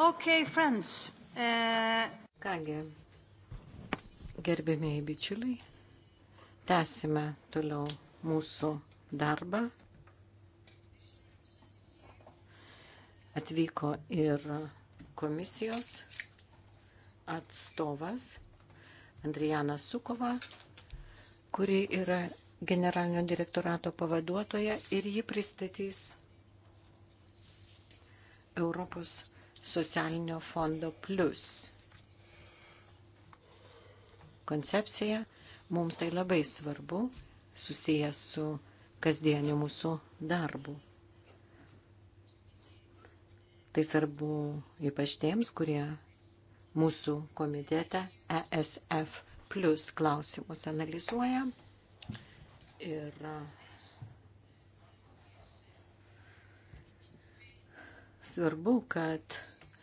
Okay, friends. E... Kągi, gerbėmėjai bičiuliai, tęsime toliau mūsų darbą. Atvyko ir komisijos atstovas Andrijana Sukova, kuri yra generalinio direktorato pavaduotoja ir ji pristatys Europos socialinio fondo plus. Koncepcija mums tai labai svarbu, susijęs su kasdieniu mūsų darbu. Tai svarbu ypač tiems, kurie mūsų komitete ESF plus klausimus analizuoja. Ir e, svarbu, kad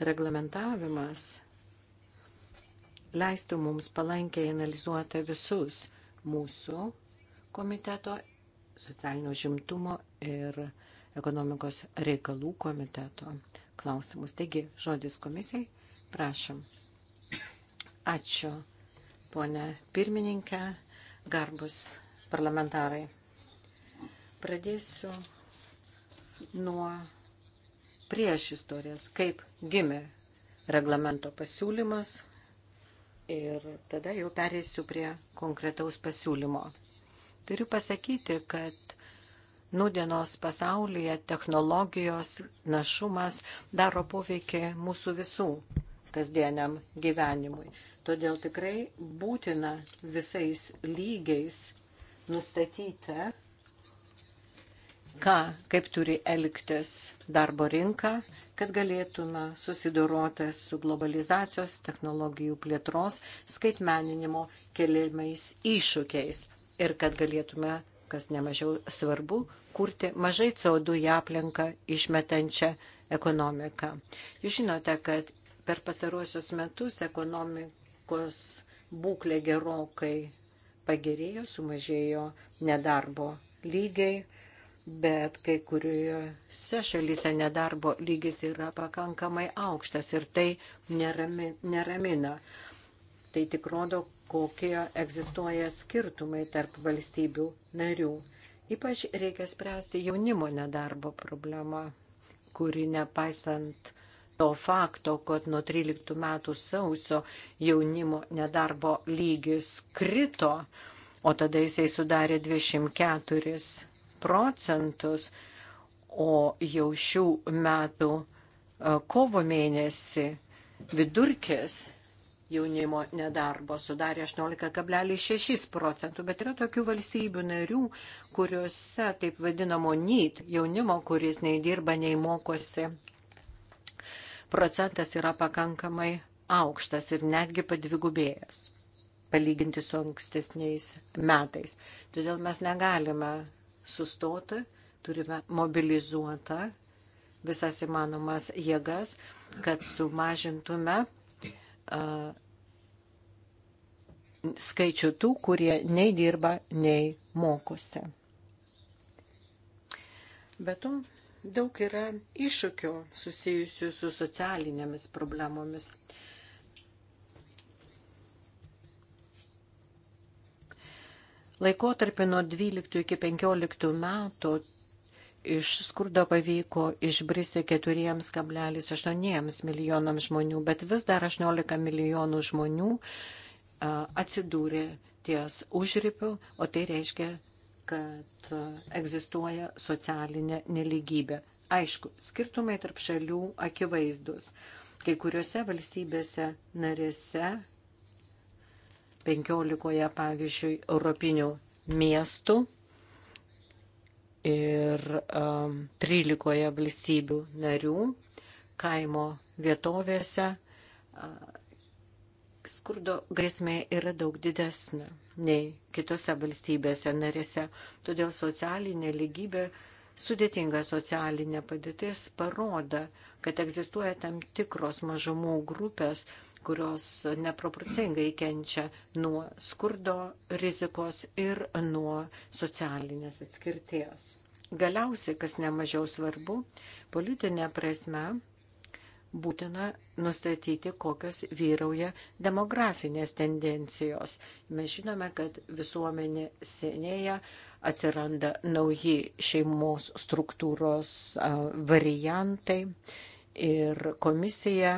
reglamentavimas leistų mums palankiai analizuoti visus mūsų komiteto socialinio žimtumo ir ekonomikos reikalų komiteto klausimus. Taigi, žodis komisijai, prašom. Ačiū, ponė pirmininkė, garbus parlamentarai. Pradėsiu nuo prieš istorijas, kaip gimė reglamento pasiūlymas ir tada jau perėsiu prie konkretaus pasiūlymo. Turiu pasakyti, kad Nudienos pasaulyje technologijos našumas daro poveikį mūsų visų kasdieniam gyvenimui. Todėl tikrai būtina visais lygiais nustatyti ką, kaip turi elgtis darbo rinka, kad galėtume susidoroti su globalizacijos, technologijų plėtros, skaitmeninimo keliamais iššūkiais ir kad galėtume, kas nemažiau svarbu, kurti mažai CO2 į aplinką išmetančią ekonomiką. Jūs žinote, kad per pastaruosius metus ekonomikos būklė gerokai pagerėjo, sumažėjo nedarbo lygiai, bet kai kuriuose šalyse nedarbo lygis yra pakankamai aukštas ir tai nerami, neramina. Tai tik rodo, kokie egzistuoja skirtumai tarp valstybių narių. Ypač reikia spręsti jaunimo nedarbo problemą, kuri nepaisant to fakto, kad nuo 13 metų sausio jaunimo nedarbo lygis krito, o tada jisai sudarė 24 procentus, o jau šių metų e, kovo mėnesį vidurkis jaunimo nedarbo sudarė 18,6 procentų, bet yra tokių valstybių narių, kuriuose taip vadinamo NEET jaunimo, kuris nei dirba, nei mokosi, procentas yra pakankamai aukštas ir netgi padvigubėjęs palyginti su ankstesniais metais. Todėl mes negalime sustota, turime mobilizuotą visas įmanomas jėgas, kad sumažintume uh, skaičių tų, kurie nei dirba, nei mokosi. Bet daug yra iššūkių susijusių su socialinėmis problemomis Laikotarpį nuo 12 iki 15 metų iš skurdo pavyko išbristi 4,8 milijonams žmonių, bet vis dar 18 milijonų žmonių atsidūrė ties užripiu, o tai reiškia, kad egzistuoja socialinė neligybė. Aišku, skirtumai tarp šalių akivaizdus. Kai kuriuose valstybėse narėse 15, pavyzdžiui, europinių miestų ir um, 13 valstybių narių kaimo vietovėse uh, skurdo grėsmė yra daug didesnė nei kitose valstybėse narėse. Todėl socialinė lygybė, sudėtinga socialinė padėtis parodo, kad egzistuoja tam tikros mažumų grupės, uh, kurios neproporcingai kenčia nuo skurdo rizikos ir nuo socialinės atskirties. Galiausiai, kas nemažiau svarbu, politinė prasme būtina nustatyti, kokios vyrauja demografinės tendencijos. Mes žinome, kad visuomenė senėja, atsiranda nauji šeimos struktūros variantai ir komisija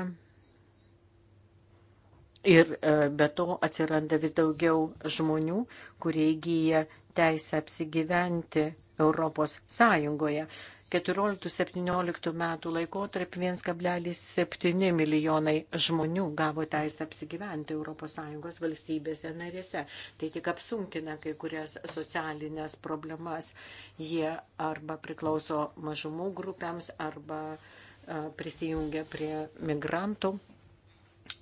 Ir e, be to atsiranda vis daugiau žmonių, kurie įgyja teisę apsigyventi Europos Sąjungoje. 14-17 metų laikotarp 1,7 milijonai žmonių gavo teisę apsigyventi ES valstybėse narėse. Tai tik apsunkina kai kurias socialinės problemas. Jie arba priklauso mažumų grupėms, arba e, prisijungia prie migrantų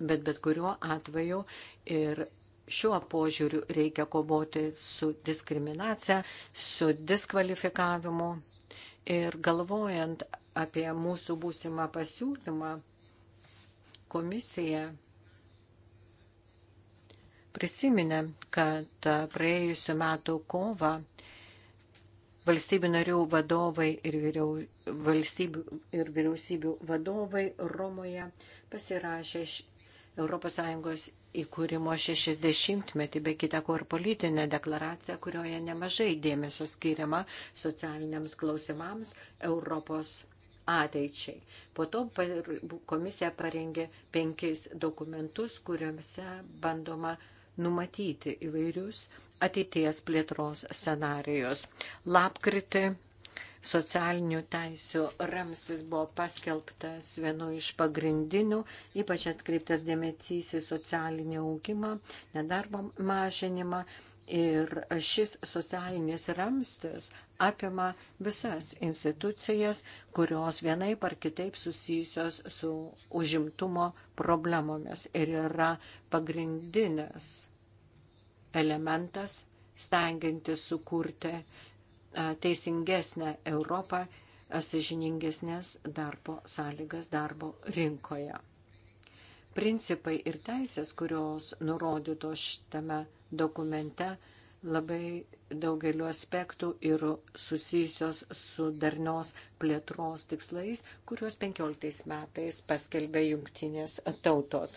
bet bet kuriuo atveju ir šiuo požiūriu reikia kovoti su diskriminacija, su diskvalifikavimu ir galvojant apie mūsų būsimą pasiūlymą, komisija prisiminė, kad praėjusiu metu kovą valstybių narių vadovai ir, vyriau, valstybių, ir vyriausybių vadovai Romoje pasirašė ES įkūrimo 60-metį, be kita ko ir politinę deklaraciją, kurioje nemažai dėmesio skiriama socialiniams klausimams Europos ateičiai. Po to komisija parengė penkis dokumentus, kuriuose bandoma numatyti įvairius ateities plėtros scenarijus. Lapkritį socialinių teisių ramstis buvo paskelbtas vienu iš pagrindinių, ypač atkreiptas dėmesys į socialinį augimą, nedarbo mažinimą. Ir šis socialinis ramstis apima visas institucijas, kurios vienai par kitaip susijusios su užimtumo problemomis ir yra pagrindinis elementas stengiantis sukurti teisingesnę Europą, sažiningesnės darbo sąlygas darbo rinkoje. Principai ir teisės, kurios nurodytos šitame dokumente, labai daugeliu aspektų ir susijusios su darnios plėtros tikslais, kuriuos 15 metais paskelbė jungtinės tautos.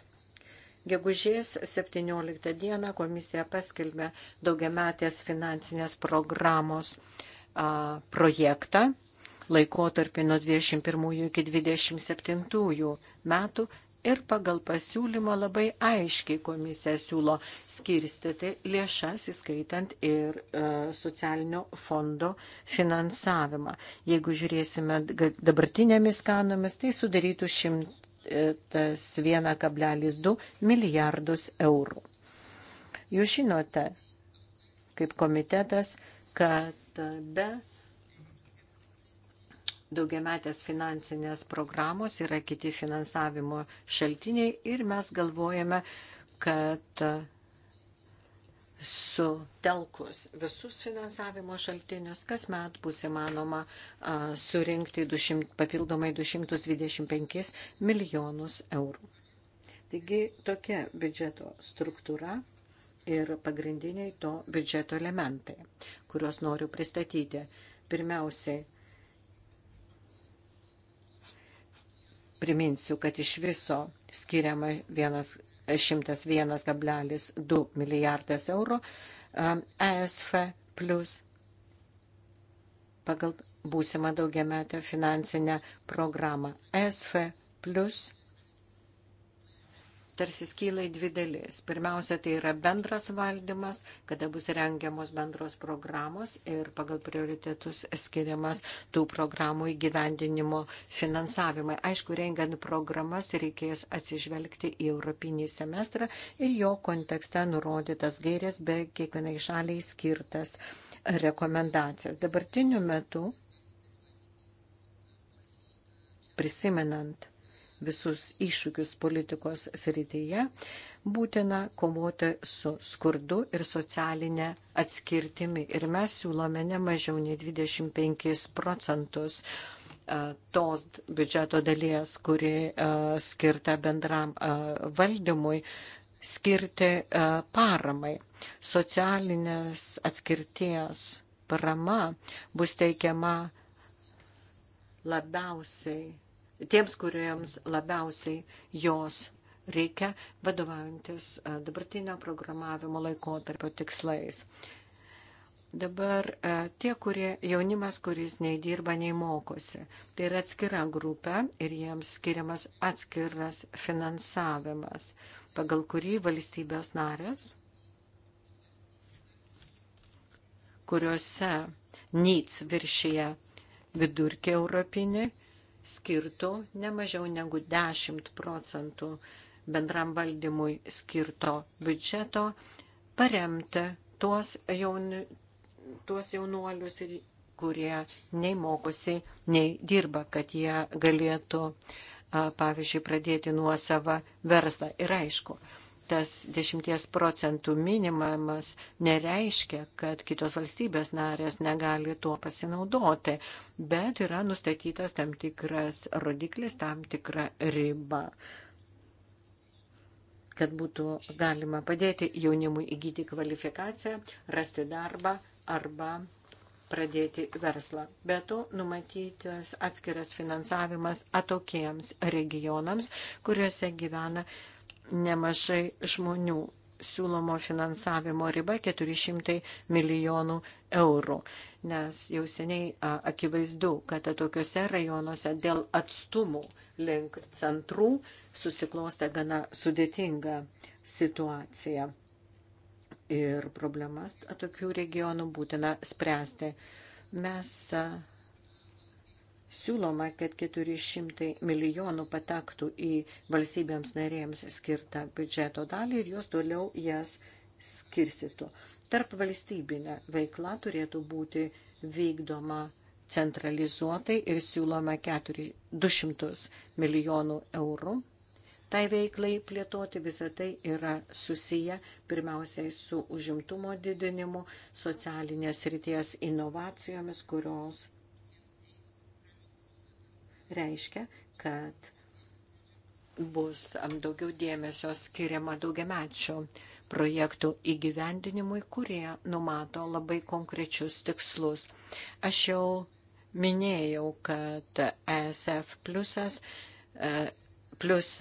Gegužės 17 dieną komisija paskelbė daugiametės finansinės programos uh, projektą laikotarpį nuo 21 iki 27 metų ir pagal pasiūlymą labai aiškiai komisija siūlo skirstyti lėšas, įskaitant ir e, socialinio fondo finansavimą. Jeigu žiūrėsime dabartinėmis kanomis, tai sudarytų 101,2 milijardus eurų. Jūs žinote, kaip komitetas, kad tada daugiametės finansinės programos yra kiti finansavimo šaltiniai ir mes galvojame, kad sutelkus visus finansavimo šaltinius, kasmet bus įmanoma a, surinkti 200, papildomai 225 milijonus eurų. Taigi tokia biudžeto struktūra ir pagrindiniai to biudžeto elementai, kuriuos noriu pristatyti. Pirmiausiai, priminsiu, kad iš viso skiriama 101,2 milijardas eurų um, ESF plus pagal būsimą daugiametę finansinę programą ESF plus tarsi skyla į dvi dalis. Pirmiausia, tai yra bendras valdymas, kada bus rengiamos bendros programos ir pagal prioritetus skiriamas tų programų įgyvendinimo finansavimai. Aišku, rengiant programas reikės atsižvelgti į Europinį semestrą ir jo kontekste nurodytas gairės bei kiekvienai šaliai skirtas rekomendacijas. Dabartiniu metu prisimenant visus iššūkius politikos srityje, būtina kovoti su skurdu ir socialinė atskirtimi. Ir mes siūlome ne mažiau nei 25 procentus e, tos biudžeto dalies, kuri e, skirta bendram e, valdymui, skirti paramai. Socialinės atskirties parama bus teikiama labiausiai tiems, kuriems labiausiai jos reikia vadovaujantis e, dabartinio programavimo laikotarpio tikslais. Dabar e, tie, kurie jaunimas, kuris nei dirba, nei mokosi, tai yra atskira grupė ir jiems skiriamas atskiras finansavimas, pagal kurį valstybės narės, kuriuose NITS viršyje vidurkį europinį, skirtų nemažiau negu 10 procentų bendram valdymui skirto biudžeto paremti tuos, jauni, tuos jaunuolius, kurie nei mokosi, nei dirba, kad jie galėtų, pavyzdžiui, pradėti nuosavą verslą. Ir aišku, tas 10 procentų minimumas nereiškia, kad kitos valstybės narės negali tuo pasinaudoti, bet yra nustatytas tam tikras rodiklis, tam tikra riba kad būtų galima padėti jaunimui įgyti kvalifikaciją, rasti darbą arba pradėti verslą. Be to numatytas atskiras finansavimas atokiems regionams, kuriuose gyvena nemažai žmonių. Siūlomo finansavimo riba 400 milijonų eurų, nes jau seniai a, akivaizdu, kad tokiuose rajonuose dėl atstumų link centrų susiklostė gana sudėtinga situacija. Ir problemas tokių regionų būtina spręsti. Mes siūloma, kad 400 milijonų patektų į valstybėms narėms skirtą biudžeto dalį ir jos toliau jas skirsitų. Tarp valstybinė veikla turėtų būti vykdoma centralizuotai ir siūloma 200 milijonų eurų. Tai veiklai plėtoti visą tai yra susiję pirmiausiai su užimtumo didinimu, socialinės ryties inovacijomis, kurios reiškia, kad bus daugiau dėmesio skiriama daugiamečių projektų įgyvendinimui, kurie numato labai konkrečius tikslus. Aš jau minėjau, kad ESF plusas, e, plus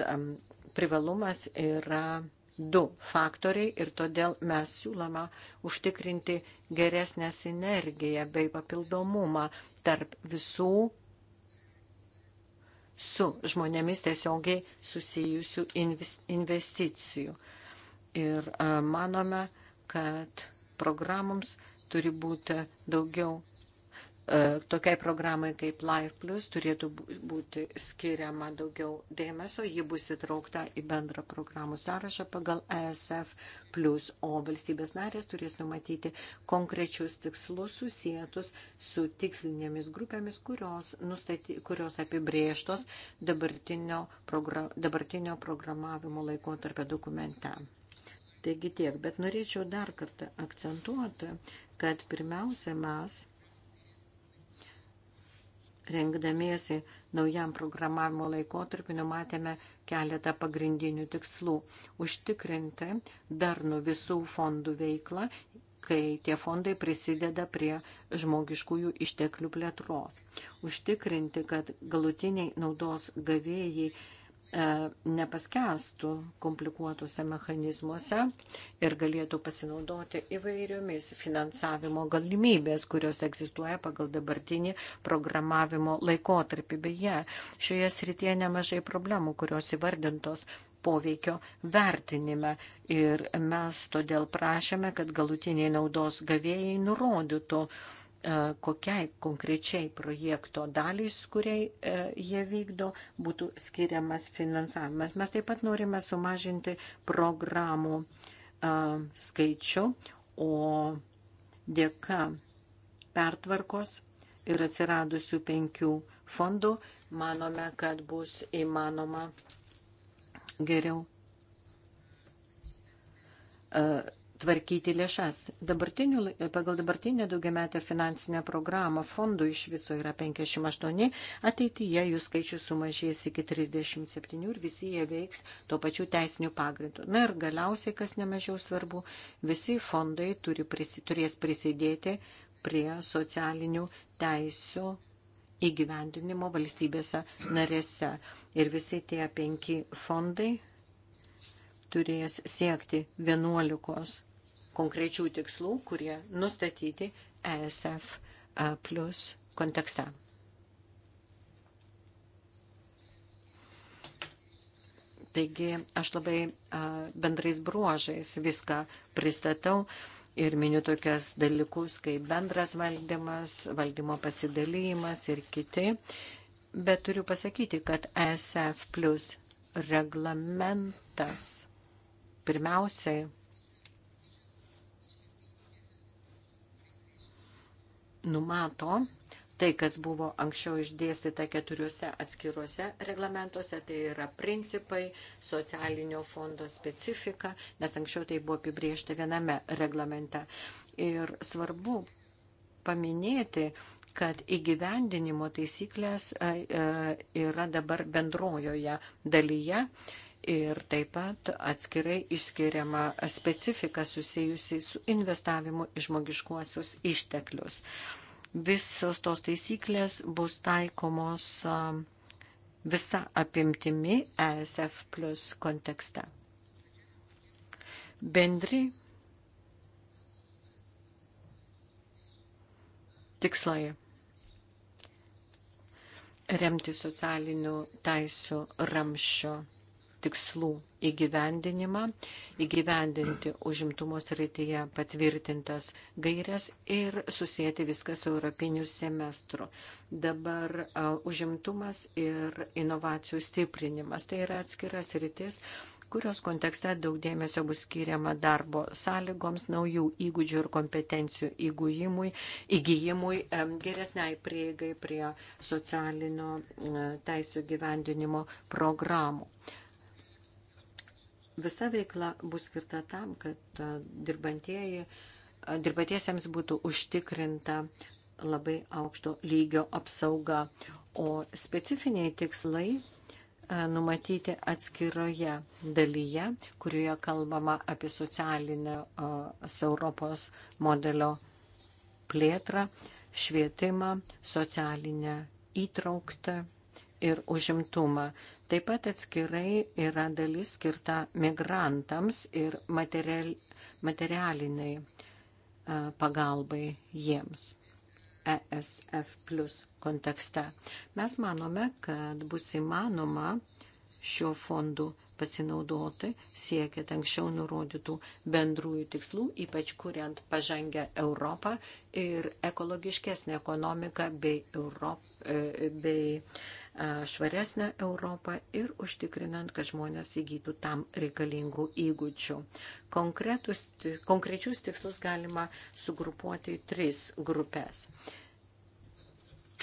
privalumas yra du faktoriai ir todėl mes siūlome užtikrinti geresnę sinergiją bei papildomumą tarp visų su žmonėmis tiesiogiai susijusių investicijų. Ir manome, kad programoms turi būti daugiau E, tokiai programai kaip Life Plus turėtų būti skiriama daugiau dėmesio, ji bus įtraukta į bendrą programų sąrašą pagal ESF Plus, o valstybės narės turės numatyti konkrečius tikslus susijętus su tikslinėmis grupėmis, kurios, nustaty, kurios apibrėžtos dabartinio, program, dabartinio programavimo laikotarpio dokumente. Taigi tiek, bet norėčiau dar kartą akcentuoti, kad pirmiausia mes rengdamiesi naujam programavimo laikotarpiu numatėme keletą pagrindinių tikslų - užtikrinti darnų visų fondų veiklą, kai tie fondai prisideda prie žmogiškųjų išteklių plėtros. Užtikrinti, kad galutiniai naudos gavėjai E, nepaskestų komplikuotuose mechanizmuose ir galėtų pasinaudoti įvairiomis finansavimo galimybės, kurios egzistuoja pagal dabartinį programavimo laikotarpį. Beje, šioje srityje nemažai problemų, kurios įvardintos poveikio vertinime. Ir mes todėl prašėme, kad galutiniai naudos gavėjai nurodytų, uh, E, kokiai konkrečiai projekto dalys, kuriai e, jie vykdo, būtų skiriamas finansavimas. Mes taip pat norime sumažinti programų e, skaičių, o dėka pertvarkos ir atsiradusių penkių fondų manome, kad bus įmanoma geriau tvarkyti lėšas. Dabartiniu, pagal dabartinę daugiametę finansinę programą fondų iš viso yra 58, ateityje jų skaičius sumažės iki 37 ir visi jie veiks tuo pačiu teisiniu pagrindu. Na ir galiausiai, kas nemažiau svarbu, visi fondai turi, prisi, turės prisidėti prie socialinių teisių įgyvendinimo valstybėse narėse. Ir visi tie penki fondai turės siekti 11 konkrečių tikslų, kurie nustatyti ESF plus kontekste. Taigi aš labai bendrais bruožais viską pristatau ir miniu tokias dalykus kaip bendras valdymas, valdymo pasidalymas ir kiti. Bet turiu pasakyti, kad ESF plus reglamentas pirmiausiai numato tai, kas buvo anksčiau išdėstyta keturiuose atskiruose reglamentuose, tai yra principai, socialinio fondo specifika, nes anksčiau tai buvo apibriežta viename reglamente. Ir svarbu paminėti, kad įgyvendinimo taisyklės e, e, yra dabar bendrojoje dalyje Ir taip pat atskirai išskiriama specifika susijusi su investavimu į žmogiškuosius išteklius. Visos tos taisyklės bus taikomos visa apimtimi ESF plus kontekste. Bendri tikslai remti socialinių teisų ramščio tikslų įgyvendinimą, įgyvendinti užimtumo srityje patvirtintas gairias ir susijęti viską su europiniu semestru. Dabar uh, užimtumas ir inovacijų stiprinimas. Tai yra atskiras rytis kurios kontekste daug dėmesio bus skiriama darbo sąlygoms, naujų įgūdžių ir kompetencijų įgūjimui, įgyjimui, geresniai prieigai prie socialinio e, teisų gyvendinimo programų. Visa veikla bus skirta tam, kad dirbantieji, dirbantiesiems būtų užtikrinta labai aukšto lygio apsauga, o specifiniai tikslai numatyti atskiroje dalyje, kurioje kalbama apie socialinę Europos modelio plėtrą, švietimą, socialinę įtrauktą ir užimtumą. Taip pat atskirai yra dalis skirta migrantams ir material, materialiniai pagalbai jiems. ESF plus kontekste. Mes manome, kad bus įmanoma šiuo fondu pasinaudoti, siekiant anksčiau nurodytų bendrųjų tikslų, ypač kuriant pažangę Europą ir ekologiškesnę ekonomiką bei, Europ, e, bei švaresnę Europą ir užtikrinant, kad žmonės įgytų tam reikalingų įgūdžių. Konkretus, konkrečius tikslus galima sugrupuoti į tris grupės.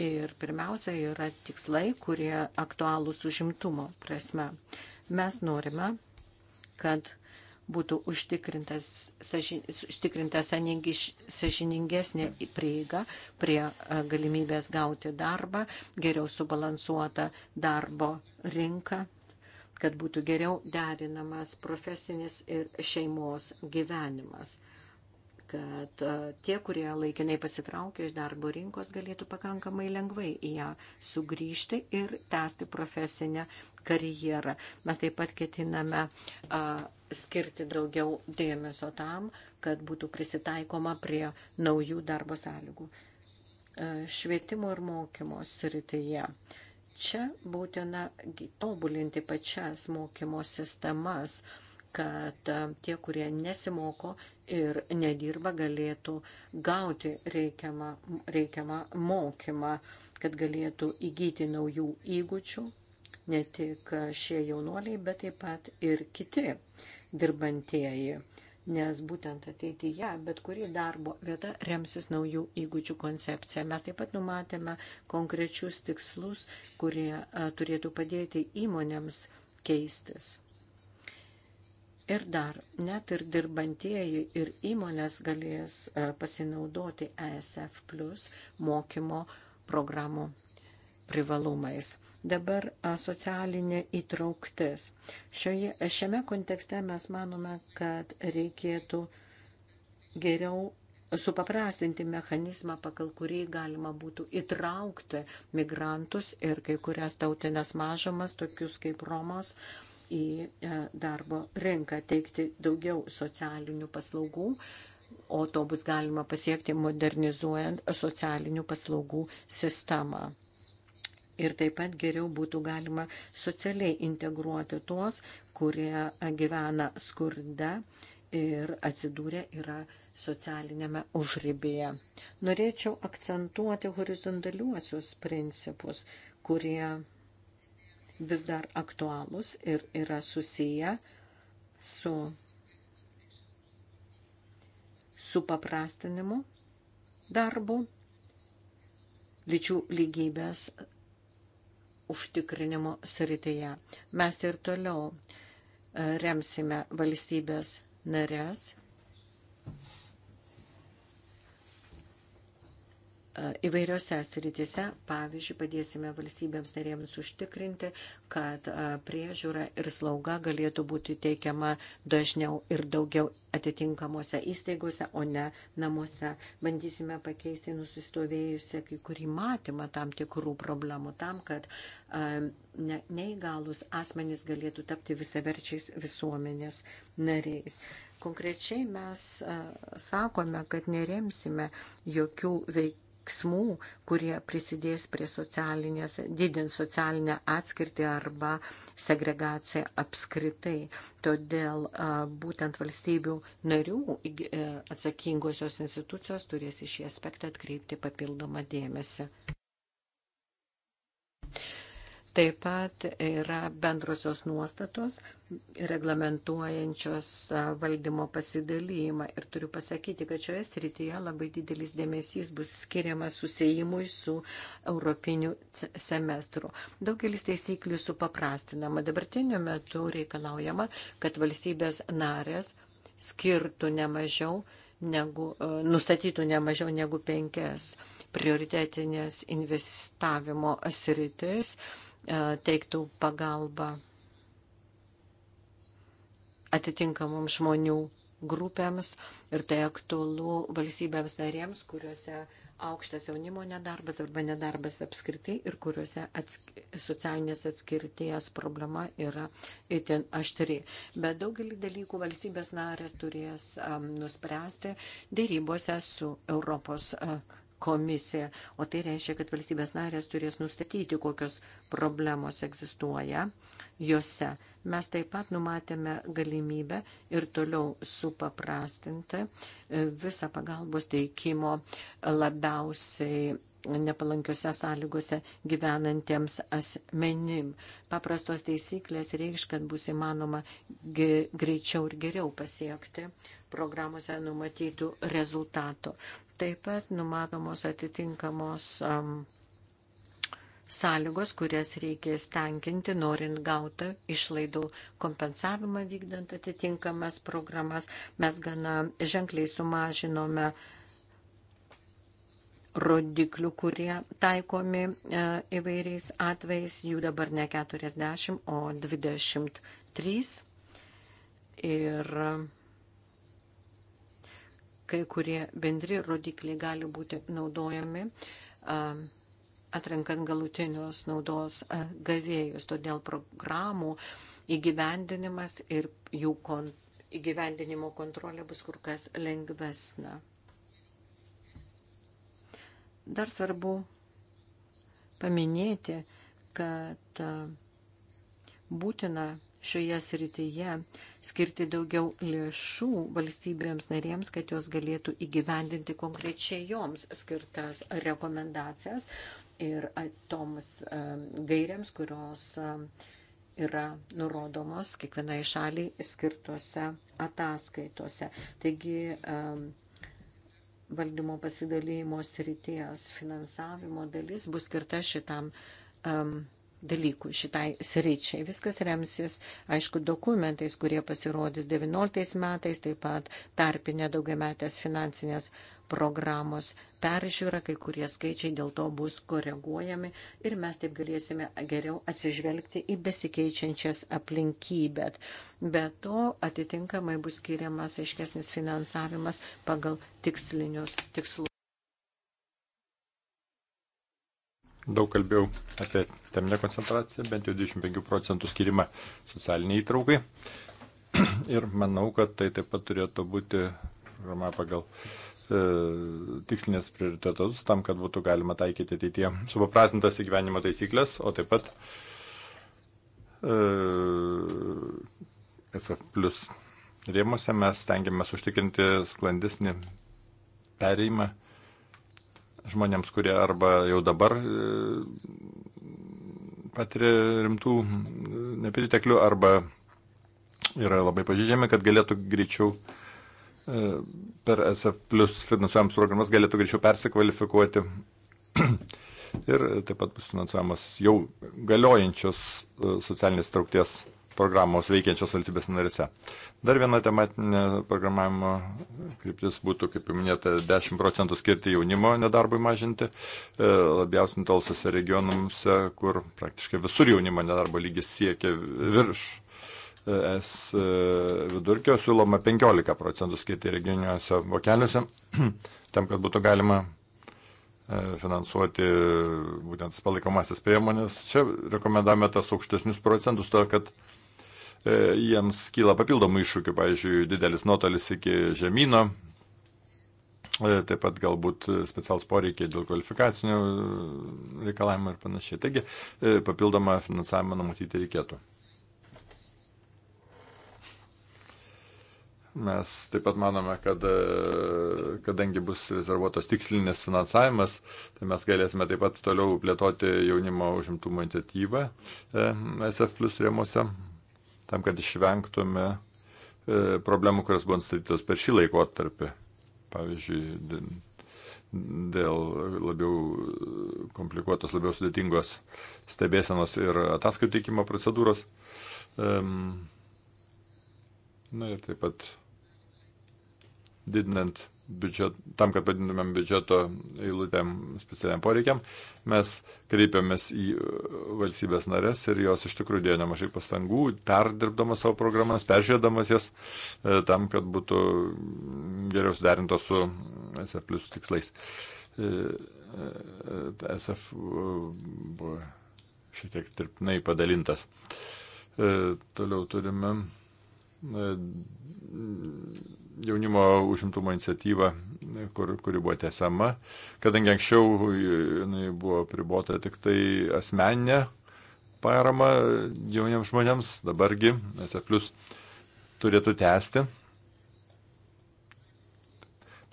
Ir pirmiausia yra tikslai, kurie aktualūs užimtumo prasme. Mes norime, kad būtų užtikrintas, užtikrinta sažiningesnė prieiga prie e, galimybės gauti darbą, geriau subalansuota darbo rinka, kad būtų geriau derinamas profesinis ir šeimos gyvenimas kad tie, kurie laikinai pasitraukė iš darbo rinkos, galėtų pakankamai lengvai į ją sugrįžti ir tęsti profesinę karjerą. Mes taip pat ketiname a, skirti daugiau dėmesio tam, kad būtų prisitaikoma prie naujų darbo sąlygų. A, švietimo ir mokymo srityje čia būtina tobulinti pačias mokymo sistemas, kad e, tie, kurie nesimoko ir nedirba, galėtų gauti reikiamą, reikiamą mokymą, kad galėtų įgyti naujų įgūdžių, ne tik šie jaunuoliai, bet taip pat ir kiti dirbantieji. Nes būtent ateityje, bet kuri darbo vieta remsis naujų įgūdžių koncepcija. Mes taip pat numatėme konkrečius tikslus, kurie a, e, turėtų padėti įmonėms keistis Ir dar, net ir dirbantieji ir įmonės galės e, pasinaudoti ESF plus mokymo programų privalumais. Dabar e, socialinė įtrauktis. Šioje, šiame kontekste mes manome, kad reikėtų geriau supaprastinti mechanizmą, pagal kurį galima būtų įtraukti migrantus ir kai kurias tautinės mažumas, tokius kaip Romos į e, darbo rinką, teikti daugiau socialinių paslaugų, o to bus galima pasiekti modernizuojant socialinių paslaugų sistemą. Ir taip pat geriau būtų galima socialiai integruoti tuos, kurie gyvena skurde ir atsidūrė yra socialinėme užrybėje. Norėčiau akcentuoti horizontaliuosius principus, kurie vis dar aktualūs ir yra susiję su supaprastinimu darbu, lyčių lygybės užtikrinimo srityje. Mes ir toliau e, remsime valstybės narės įvairiose sritise, pavyzdžiui, padėsime valstybėms narėms užtikrinti, kad priežiūra ir slauga galėtų būti teikiama dažniau ir daugiau atitinkamuose įstaigose, o ne namuose. Bandysime pakeisti nusistovėjusią kai kurį matymą tam tikrų problemų tam, kad ne, neįgalus asmenys galėtų tapti visaverčiais visuomenės nariais. Konkrečiai mes sakome, kad neremsime jokių veikimų veiksmų, kurie prisidės prie socialinės, didint socialinę atskirtį arba segregaciją apskritai. Todėl būtent valstybių narių e, atsakingosios institucijos turės į šį aspektą atkreipti papildomą dėmesį. Taip pat yra bendrosios nuostatos reglamentuojančios valdymo pasidalymą. Ir turiu pasakyti, kad šioje srityje labai didelis dėmesys bus skiriamas susijimui su europiniu semestru. Daugelis taisyklių supaprastinama. Dabartiniu metu reikalaujama, kad valstybės narės skirtų ne mažiau negu, nustatytų ne mažiau negu penkias prioritetinės investavimo sritis E, teiktų pagalbą atitinkamoms žmonių grupėms ir tai aktualu valstybėms narėms, kuriuose aukštas jaunimo nedarbas arba nedarbas apskritai ir kuriuose atsk socialinės atskirties problema yra itin aštri. Bet daugelį dalykų valstybės narės turės um, nuspręsti dėrybose su Europos uh, komisija, o tai reiškia, kad valstybės narės turės nustatyti, kokios problemos egzistuoja juose. Mes taip pat numatėme galimybę ir toliau supaprastinti e, visą pagalbos teikimo labiausiai nepalankiose sąlygose gyvenantiems asmenim. Paprastos taisyklės reikš, kad bus įmanoma greičiau ir geriau pasiekti programuose numatytų rezultatų. Taip pat numatomos atitinkamos um, sąlygos, kurias reikės tenkinti, norint gauti išlaidų kompensavimą vykdant atitinkamas programas. Mes gana ženkliai sumažinome rodiklių, kurie taikomi e, įvairiais atvejais. Jų dabar ne 40, o 23. Ir kai kurie bendri rodikliai gali būti naudojami atrenkant galutinius naudos gavėjus. Todėl programų įgyvendinimas ir jų kon, įgyvendinimo kontrolė bus kur kas lengvesnė. Dar svarbu paminėti, kad būtina šioje srityje uh, skirti daugiau lėšų valstybėms narėms, kad jos galėtų įgyvendinti konkrečiai joms skirtas rekomendacijas ir toms gairiams, kurios yra nurodomos kiekvienai šaliai skirtose ataskaitose. Taigi, valdymo pasidalymo srities finansavimo dalis bus skirta šitam um, dalykų šitai sričiai. Viskas remsis, aišku, dokumentais, kurie pasirodys 19 metais, taip pat tarpinė daugiametės finansinės programos peržiūra, kai kurie skaičiai dėl to bus koreguojami ir mes taip galėsime geriau atsižvelgti į besikeičiančias aplinkybėt. Be to, atitinkamai bus skiriamas aiškesnis finansavimas pagal tikslinius tikslus. Daug kalbėjau apie teminę koncentraciją, bent jau 25 procentų skirimą socialiniai įtraukai. Ir manau, kad tai taip pat turėtų būti programa pagal e, tikslinės prioritetus, tam, kad būtų galima taikyti ateitie supaprastintas įgyvenimo taisyklės, o taip pat e, SF plus rėmose mes stengiamės užtikrinti sklandesnį pereimą žmonėms, kurie arba jau dabar e, patiria rimtų e, nepriteklių, arba yra labai pažydžiami, kad galėtų greičiau e, per SF plus finansuojamas programas galėtų greičiau persikvalifikuoti. Ir taip pat bus finansuojamas jau galiojančios socialinės traukties programos veikiančios valstybės narėse. Dar viena tematinė programavimo kryptis būtų, kaip jau minėta, 10 procentų skirti jaunimo nedarbui mažinti, e, labiausiai nutolusiuose regionuose, kur praktiškai visur jaunimo nedarbo lygis siekia virš e, es e, vidurkio, siūloma 15 procentų skirti regioniuose vokeliuose, tam, kad būtų galima finansuoti būtent palaikomasias priemonės. Čia rekomendavome tas aukštesnius procentus, to, kad E, jiems kyla papildomų iššūkių, pavyzdžiui, didelis nuotolis iki žemynų, e, taip pat galbūt specialus poreikiai dėl kvalifikacinių reikalavimų ir panašiai. Taigi e, papildomą finansavimą numatyti reikėtų. Mes taip pat manome, kad kadangi bus rezervuotos tikslinės finansavimas, tai mes galėsime taip pat toliau plėtoti jaunimo užimtumo iniciatyvą SF plus rėmose tam, kad išvengtume e, problemų, kurios buvo nustatytos per šį laikotarpį. Pavyzdžiui, dėl labiau komplikuotos, labiau sudėtingos stebėsenos ir ataskaitų teikimo procedūros. Na ir taip pat didinant biudžet, tam, kad padintumėm biudžeto eilutėm specialiam poreikiam, mes kreipiamės į e, valstybės narės ir jos iš tikrųjų dėjo nemažai pastangų, perdirbdamas savo programas, peržiūrėdamas jas e, tam, kad būtų geriau suderintos su SF plus tikslais. E, SF buvo šiek tiek tirpnai padalintas. Toliau turime jaunimo užimtumo iniciatyva, kur, kuri buvo tiesama, kadangi anksčiau jinai buvo pribota tik tai asmeninė parama jauniems žmonėms, dabargi SF plus turėtų tęsti.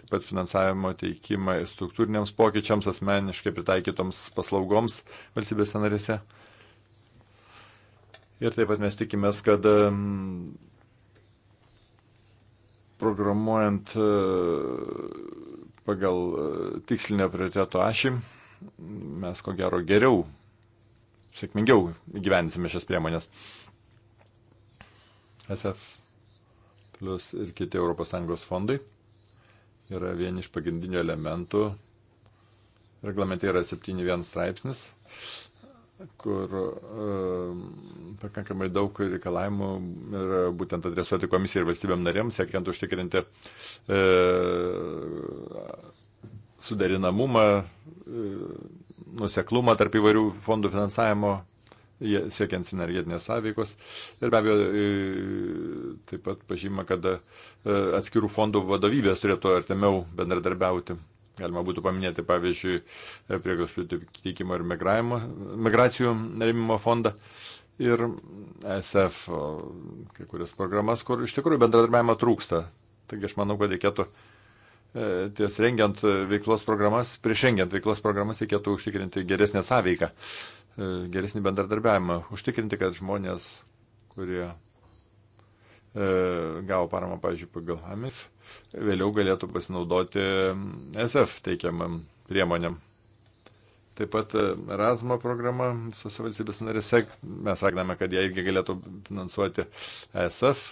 Taip pat finansavimo teikimą struktūriniams pokyčiams asmeniškai pritaikytoms paslaugoms valstybės narėse. Ir taip pat mes tikimės, kad programuojant e, pagal e, tikslinę prioriteto ašį, mes ko gero geriau, sėkmingiau gyvensime šias priemonės. SF plus ir kiti ES fondai yra vieni iš pagrindinių elementų. Reglamente yra 7.1 straipsnis kur pakankamai daug reikalavimų ir būtent adresuoti komisijai ir valstybėm narėm, siekiant užtikrinti e, suderinamumą, e, nuseklumą tarp įvairių fondų finansavimo, siekiant sinergetinės sąveikos. Ir be abejo, e, taip pat pažymima, kad e, atskirų fondų vadovybės turėtų artimiau bendradarbiauti. Galima būtų paminėti, pavyzdžiui, prieglašų teikimo ir migracijų remimo fondą ir SF, kai kurias programas, kur iš tikrųjų bendradarbiavimo trūksta. Taigi aš manau, kad reikėtų e, ties rengiant veiklos programas, prieš rengiant veiklos programas reikėtų užtikrinti geresnę sąveiką, e, geresnį bendradarbiavimą, užtikrinti, kad žmonės, kurie e, gavo paramą, pavyzdžiui, pagal AMIF, vėliau galėtų pasinaudoti SF teikiamam priemonėm. Taip pat e, Erasmo programa visose valstybės narėse, mes sakėme, kad jie irgi galėtų finansuoti ESF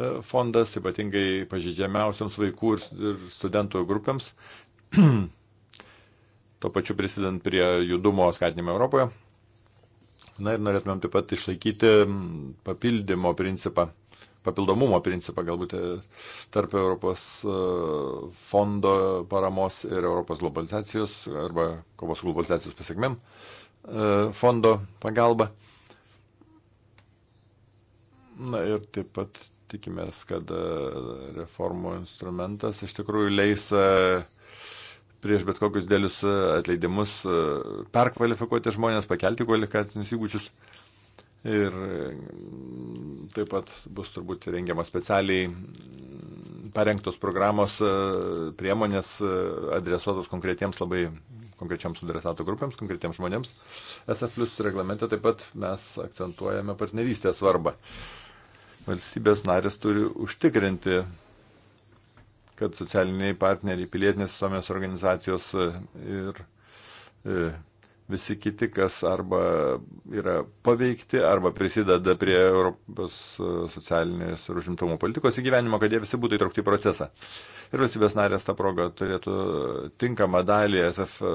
e, fondas, ypatingai pažydžiamiausiams vaikų ir studentų grupėms, tuo pačiu prisidant prie judumo skatinimo Europoje. Na ir norėtumėm taip pat išlaikyti papildymo principą papildomumo principą galbūt e, tarp Europos e, fondo paramos ir Europos globalizacijos arba kovos globalizacijos pasiekmėm e, fondo pagalba. Na ir taip pat tikimės, kad reformų instrumentas iš tikrųjų leis prieš bet kokius dėlius atleidimus perkvalifikuoti žmonės, pakelti kvalifikacinius įgūdžius. Ir mm, taip pat bus turbūt rengiamas specialiai parengtos programos e, priemonės e, adresuotos konkretiems labai konkrečioms adresato grupėms, konkretiems žmonėms. SF plus reglamente taip pat mes akcentuojame partnerystės svarbą. Valstybės narės turi užtikrinti, kad socialiniai partneriai, pilietinės visuomenės organizacijos e, ir Visi kiti, kas arba yra paveikti, arba prisideda prie Europos socialinės ir užimtumo politikos įgyvenimo, kad jie visi būtų įtraukti į procesą. Uh, ir valstybės narės tą progą turėtų tinkamą dalį SF e,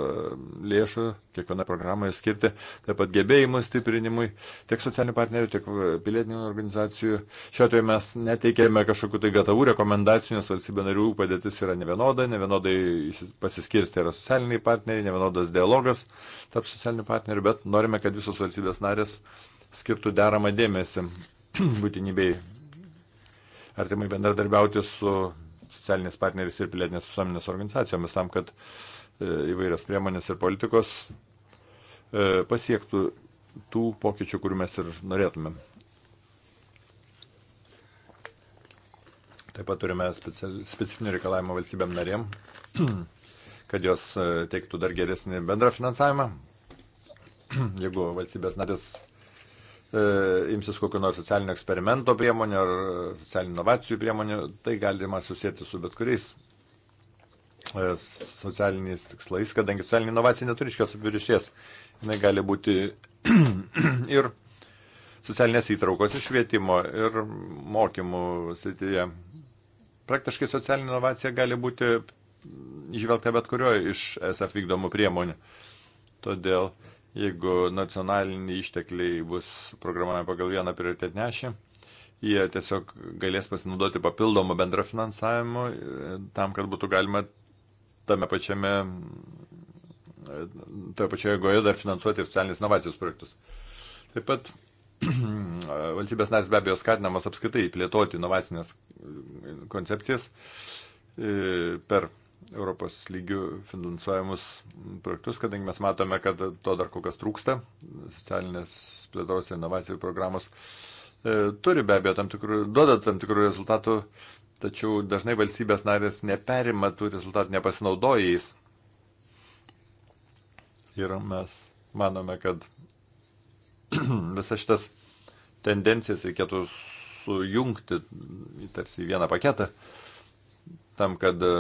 lėšų kiekvienoje programoje skirti, taip pat gebėjimų stiprinimui tiek socialinių partnerių, tiek e, pilietinių organizacijų. Šiuo atveju mes neteikėme kažkokių tai gatavų rekomendacijų, nes valstybė narių padėtis yra nevienoda, nevienodai pasiskirsti yra socialiniai partneriai, nevienodas dialogas tarp socialinių partnerių, bet norime, kad visos valstybės narės skirtų deramą dėmesį būtinybei artimai bendradarbiauti su socialiniais partneriais ir pilietinės visuomenės organizacijomis tam, kad e, įvairios priemonės ir politikos e, pasiektų tų pokyčių, kurių mes ir norėtumėm. Taip pat turime specifinių reikalavimų valstybėm narėm, kad jos e, teiktų dar geresnį bendrą finansavimą. Jeigu valstybės narės E, imsis kokio nors socialinio eksperimento priemonių ar socialinių inovacijų priemonių, tai galima susijęti su bet kuriais e, socialiniais tikslais, kadangi socialinė inovacija neturi iškios apibriešties. Jis gali būti ir socialinės įtraukos, ir švietimo, ir mokymų srityje. Praktiškai socialinė inovacija gali būti išvelgta bet kurioje iš SF vykdomų priemonių. Todėl uh, jeigu nacionaliniai ištekliai bus programuojami pagal vieną prioritetinę ašį, jie tiesiog galės pasinaudoti papildomą bendrą finansavimą e, tam, kad būtų galima tame pačiame, e, toje pačioje goje dar finansuoti ir socialinės inovacijos projektus. Taip pat e, valstybės narės be abejo skatinamas apskaitai plėtoti inovacinės koncepcijas per Europos lygių finansuojamus projektus, kadangi mes matome, kad to dar kol kas trūksta. Socialinės plėtros ir inovacijų programos e, turi be abejo tam tikrų, duoda tam tikrų rezultatų, tačiau dažnai valstybės narės neperima tų rezultatų, nepasinaudoja jais. Ir mes manome, kad visas šitas tendencijas reikėtų sujungti tarsi į vieną paketą. E, tam, kad e,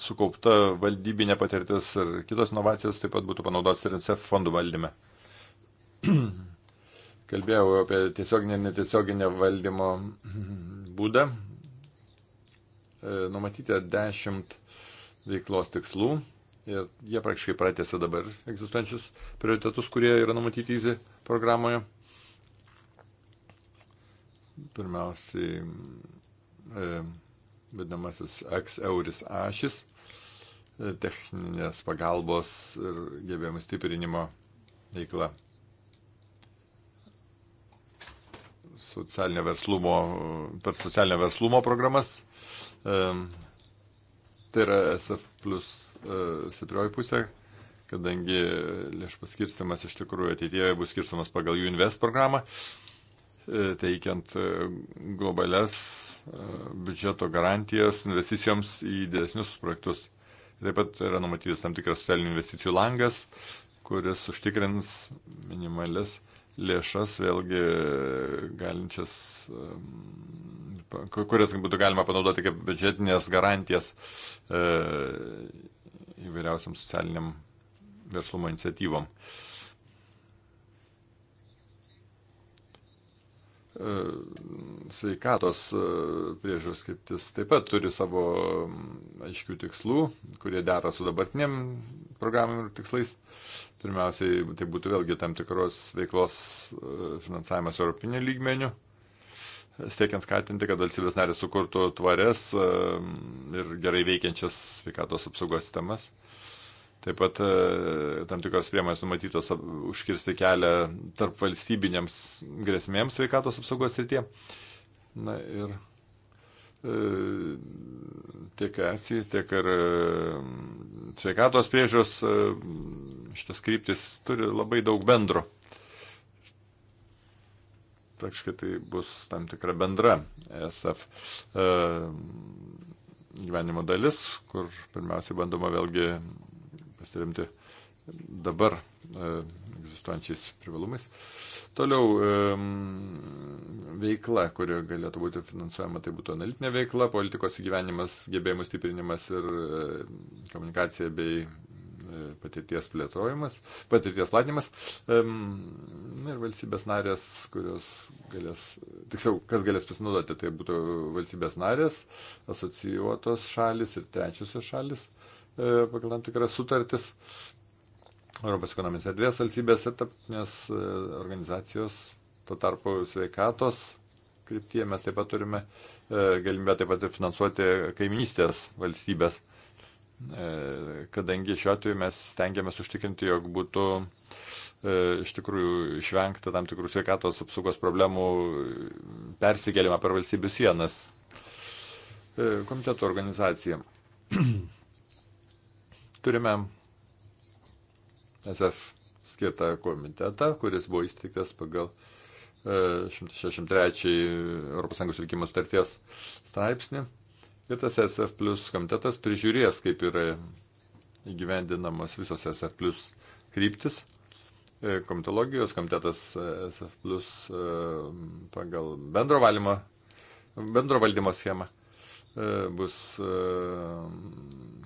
sukaupta valdybinė patirtis ir kitos inovacijos taip pat būtų panaudotas ir NCF fondų valdyme. Kalbėjau apie tiesioginę ir netiesioginę valdymo būdą. E, numatyti 10 veiklos tikslų ir jie praktiškai pratėsi dabar egzistuojančius prioritetus, kurie yra numatyti įzi programoje. Pirmiausiai e, vadinamasis ex-euris ašis, e, techninės pagalbos ir gebėjimų stiprinimo veikla. Socialinio verslumo, per socialinio verslumo programas. E, tai yra SF plus stiprioji pusė, kadangi lėšų paskirstimas iš tikrųjų ateityje bus skirstamas pagal jų invest programą. E, teikiant e, globales e, biudžeto garantijas investicijoms į didesnius projektus. Taip pat yra numatytas tam tikras socialinių investicijų langas, kuris užtikrins minimales lėšas, vėlgi galinčias, kurias būtų galima panaudoti kaip biudžetinės garantijas įvairiausiam socialiniam verslumo iniciatyvom. E, E, sveikatos e, priežiūros kryptis taip pat turi savo mm, aiškių tikslų, kurie dera su dabartiniam programam ir tikslais. Pirmiausiai, tai būtų vėlgi tam tikros veiklos e, finansavimas europinio lygmenių, siekiant skatinti, kad valstybės narės sukurtų tvarias ir gerai veikiančias sveikatos apsaugos sistemas. Taip pat e, tam tikros priemonės numatytos užkirsti kelią tarp valstybinėms grėsmėms sveikatos apsaugos srityje. Na ir e, tiek esi, tiek ir e, sveikatos priežiūros šitas kryptis turi labai daug bendro. Praktiškai tai bus tam tikra bendra SF gyvenimo dalis, kur pirmiausiai bandoma vėlgi pasiremti dabar e, egzistuojančiais privalumais. Toliau veikla, kuri galėtų būti finansuojama, tai būtų analitinė veikla, politikos įgyvenimas, gebėjimų stiprinimas ir e, komunikacija bei e, patirties plėtojimas, patirties platinimas ir valstybės narės, kurios galės, tiksliau, kas galės pasinaudoti, tai būtų valstybės narės, asocijuotos šalis ir trečiosios šalis. E, pagal tam tikras sutartis. Europos ekonominės erdvės valstybės ir tarptautinės e, organizacijos, tuo tarpu sveikatos kryptyje mes taip pat turime e, galimybę taip pat ir finansuoti kaiminystės valstybės, kadangi šiuo atveju mes stengiamės užtikrinti, jog būtų iš tikrųjų išvengta tam tikrų sveikatos apsaugos problemų persikėlimą per valstybių sienas. Komiteto organizacija. turime SF skirtą komitetą, kuris buvo įsteigtas pagal 163 e, ES veikimo sutarties straipsnį. Ir tas SF plus komitetas prižiūrės, kaip yra įgyvendinamos visos SF plus kryptis. E, komitologijos komitetas e, SF plus pagal bendro, valymo, bendro valdymo schemą bus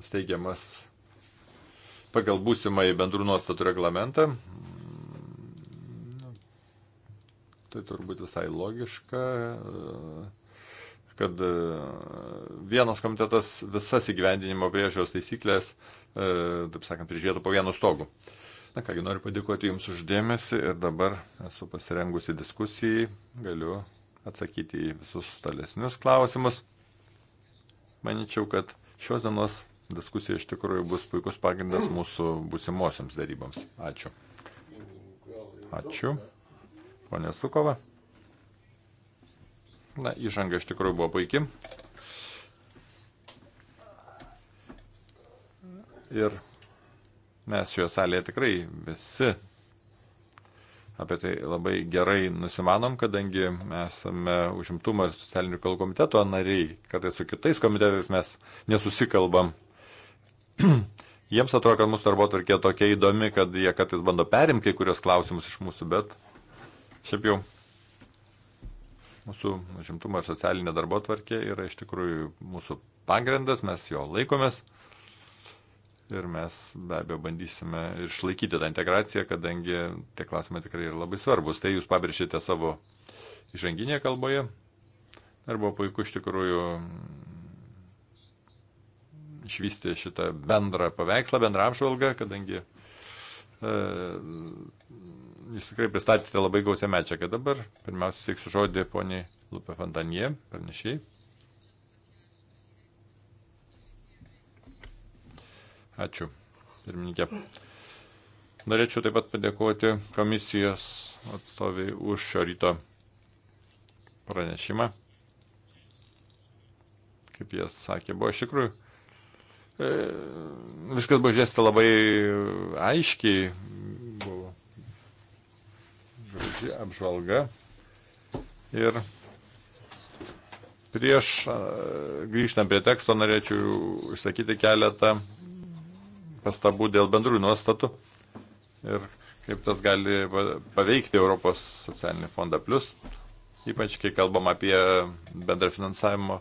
steigiamas pagal būsimąjį bendrų nuostatų reglamentą. Tai turbūt visai logiška, kad e, vienas komitetas visas įgyvendinimo priežiūros taisyklės, e, taip sakant, prižiūrėtų po vienu stogu. Na kągi, noriu padėkoti Jums uždėmesi ir dabar esu pasirengusi diskusijai, galiu atsakyti į visus tolesnius klausimus. Maničiau, kad šios dienos diskusija iš tikrųjų bus puikus pagrindas mūsų busimosiams daryboms. Ačiū. Ačiū. Pone Sukova. Na, įžanga iš tikrųjų buvo puikia. Ir mes šioje salėje tikrai visi apie tai labai gerai nusimanom, kadangi esame užimtumo ir socialinių reikalų komiteto nariai, kad tai su kitais komitetais mes nesusikalbam Jiems atrodo, kad mūsų darbo tvarkė tokia įdomi, kad jie kartais bando perimti kai kurios klausimus iš mūsų, bet šiaip jau mūsų žimtumo ir socialinė darbo tvarkė yra iš tikrųjų mūsų pagrindas, mes jo laikomės ir mes be abejo bandysime išlaikyti tą integraciją, kadangi tie klausimai tikrai yra labai svarbus. Tai jūs pabrėžėte savo įžanginėje kalboje ir buvo puiku iš tikrųjų išvysti šitą bendrą paveikslą, bendrą apžvalgą, kadangi e, jūs tikrai pristatėte labai gausią medžiagą. Dabar pirmiausia, teiksiu žodį poniai Lupė Fantanie, pranešiai. Ačiū, pirmininkė. Norėčiau taip pat padėkoti komisijos atstoviai už šio ryto pranešimą. Kaip jie sakė, buvo iš tikrųjų E, viskas buvo žiesta labai aiškiai, buvo graži apžvalga. Ir prieš e, grįžtant prie teksto norėčiau išsakyti keletą pastabų dėl bendrųjų nuostatų ir kaip tas gali paveikti Europos socialinį fondą plus, ypač kai kalbam apie bendrą finansavimo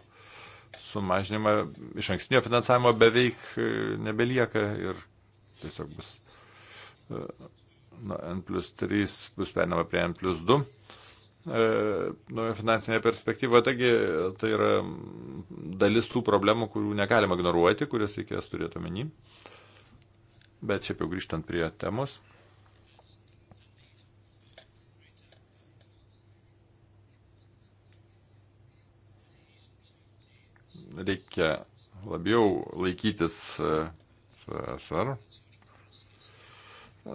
sumažinimą iš ankstinio finansavimo beveik e, nebelieka ir tiesiog bus e, nuo N plus 3 bus perinama prie N plus 2 e, naujo finansinėje perspektyvoje. Taigi tai yra dalis tų problemų, kurių negalima ignoruoti, kurias reikės turėti omeny. Bet šiaip jau grįžtant prie temos. reikia labiau laikytis CSR, e, e,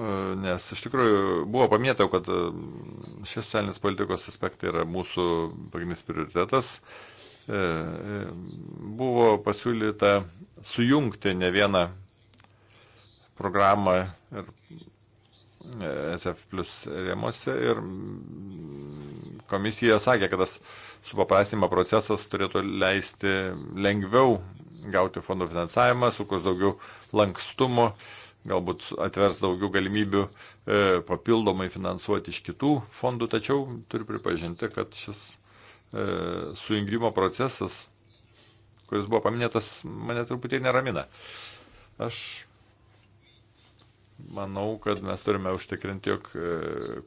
e, nes iš tikrųjų buvo pamėtau, kad šis socialinės politikos aspektai yra mūsų pagrindinis prioritetas. Buvo pasiūlyta sujungti ne vieną programą ir SF plus rėmose ir mm, komisija sakė, kad tas supaprastinimo procesas turėtų leisti lengviau gauti fondų finansavimą, sukurs daugiau lankstumo, galbūt atvers daugiau galimybių e, papildomai finansuoti iš kitų fondų, tačiau turiu pripažinti, kad šis e, sujungimo procesas, kuris buvo paminėtas, mane truputį neramina. Aš manau, kad mes turime užtikrinti, jog e,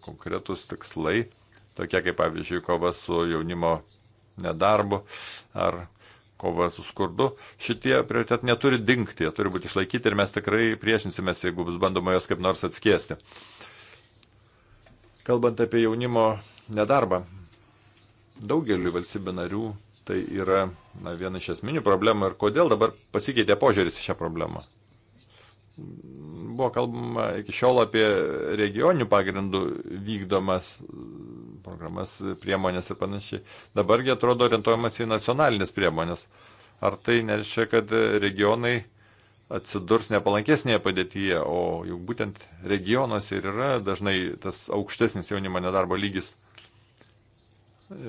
konkretus tikslai, tokie kaip pavyzdžiui kova su jaunimo nedarbu ar kova su skurdu, šitie prioritetai neturi dinkti, jie turi būti išlaikyti ir mes tikrai priešinsimės, jeigu bus bandoma juos kaip nors atskiesti. Kalbant apie jaunimo nedarbą, daugeliu valstybių narių tai yra na, viena iš esminių problemų ir kodėl dabar pasikeitė požiūris į šią problemą. Buvo kalbama iki šiol apie regioninių pagrindų vykdomas programas, priemonės ir panašiai. Dabargi atrodo orientuojamas į nacionalinės priemonės. Ar tai nereiškia, kad regionai atsidurs nepalankesnėje padėtyje, o juk būtent regionuose ir yra dažnai tas aukštesnis jaunimo nedarbo lygis.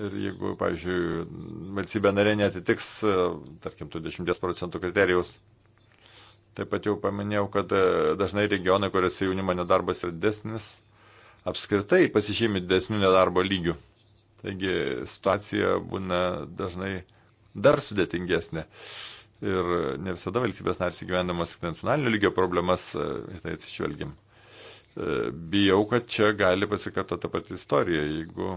Ir jeigu, pavyzdžiui, valstybė narė netitiks, tarkim, tų 10 procentų kriterijaus, Taip pat jau paminėjau, kad e, dažnai regionai, kuriuose jaunimo nedarbas yra desnis, apskritai pasižymi desnių nedarbo lygių. Taigi situacija būna dažnai dar sudėtingesnė. Ir ne visada valstybės narys įgyvendamas tik nacionalinio lygio problemas, e, į tai atsižvelgiam. E, bijau, kad čia gali pasikartoti ta pati istorija, jeigu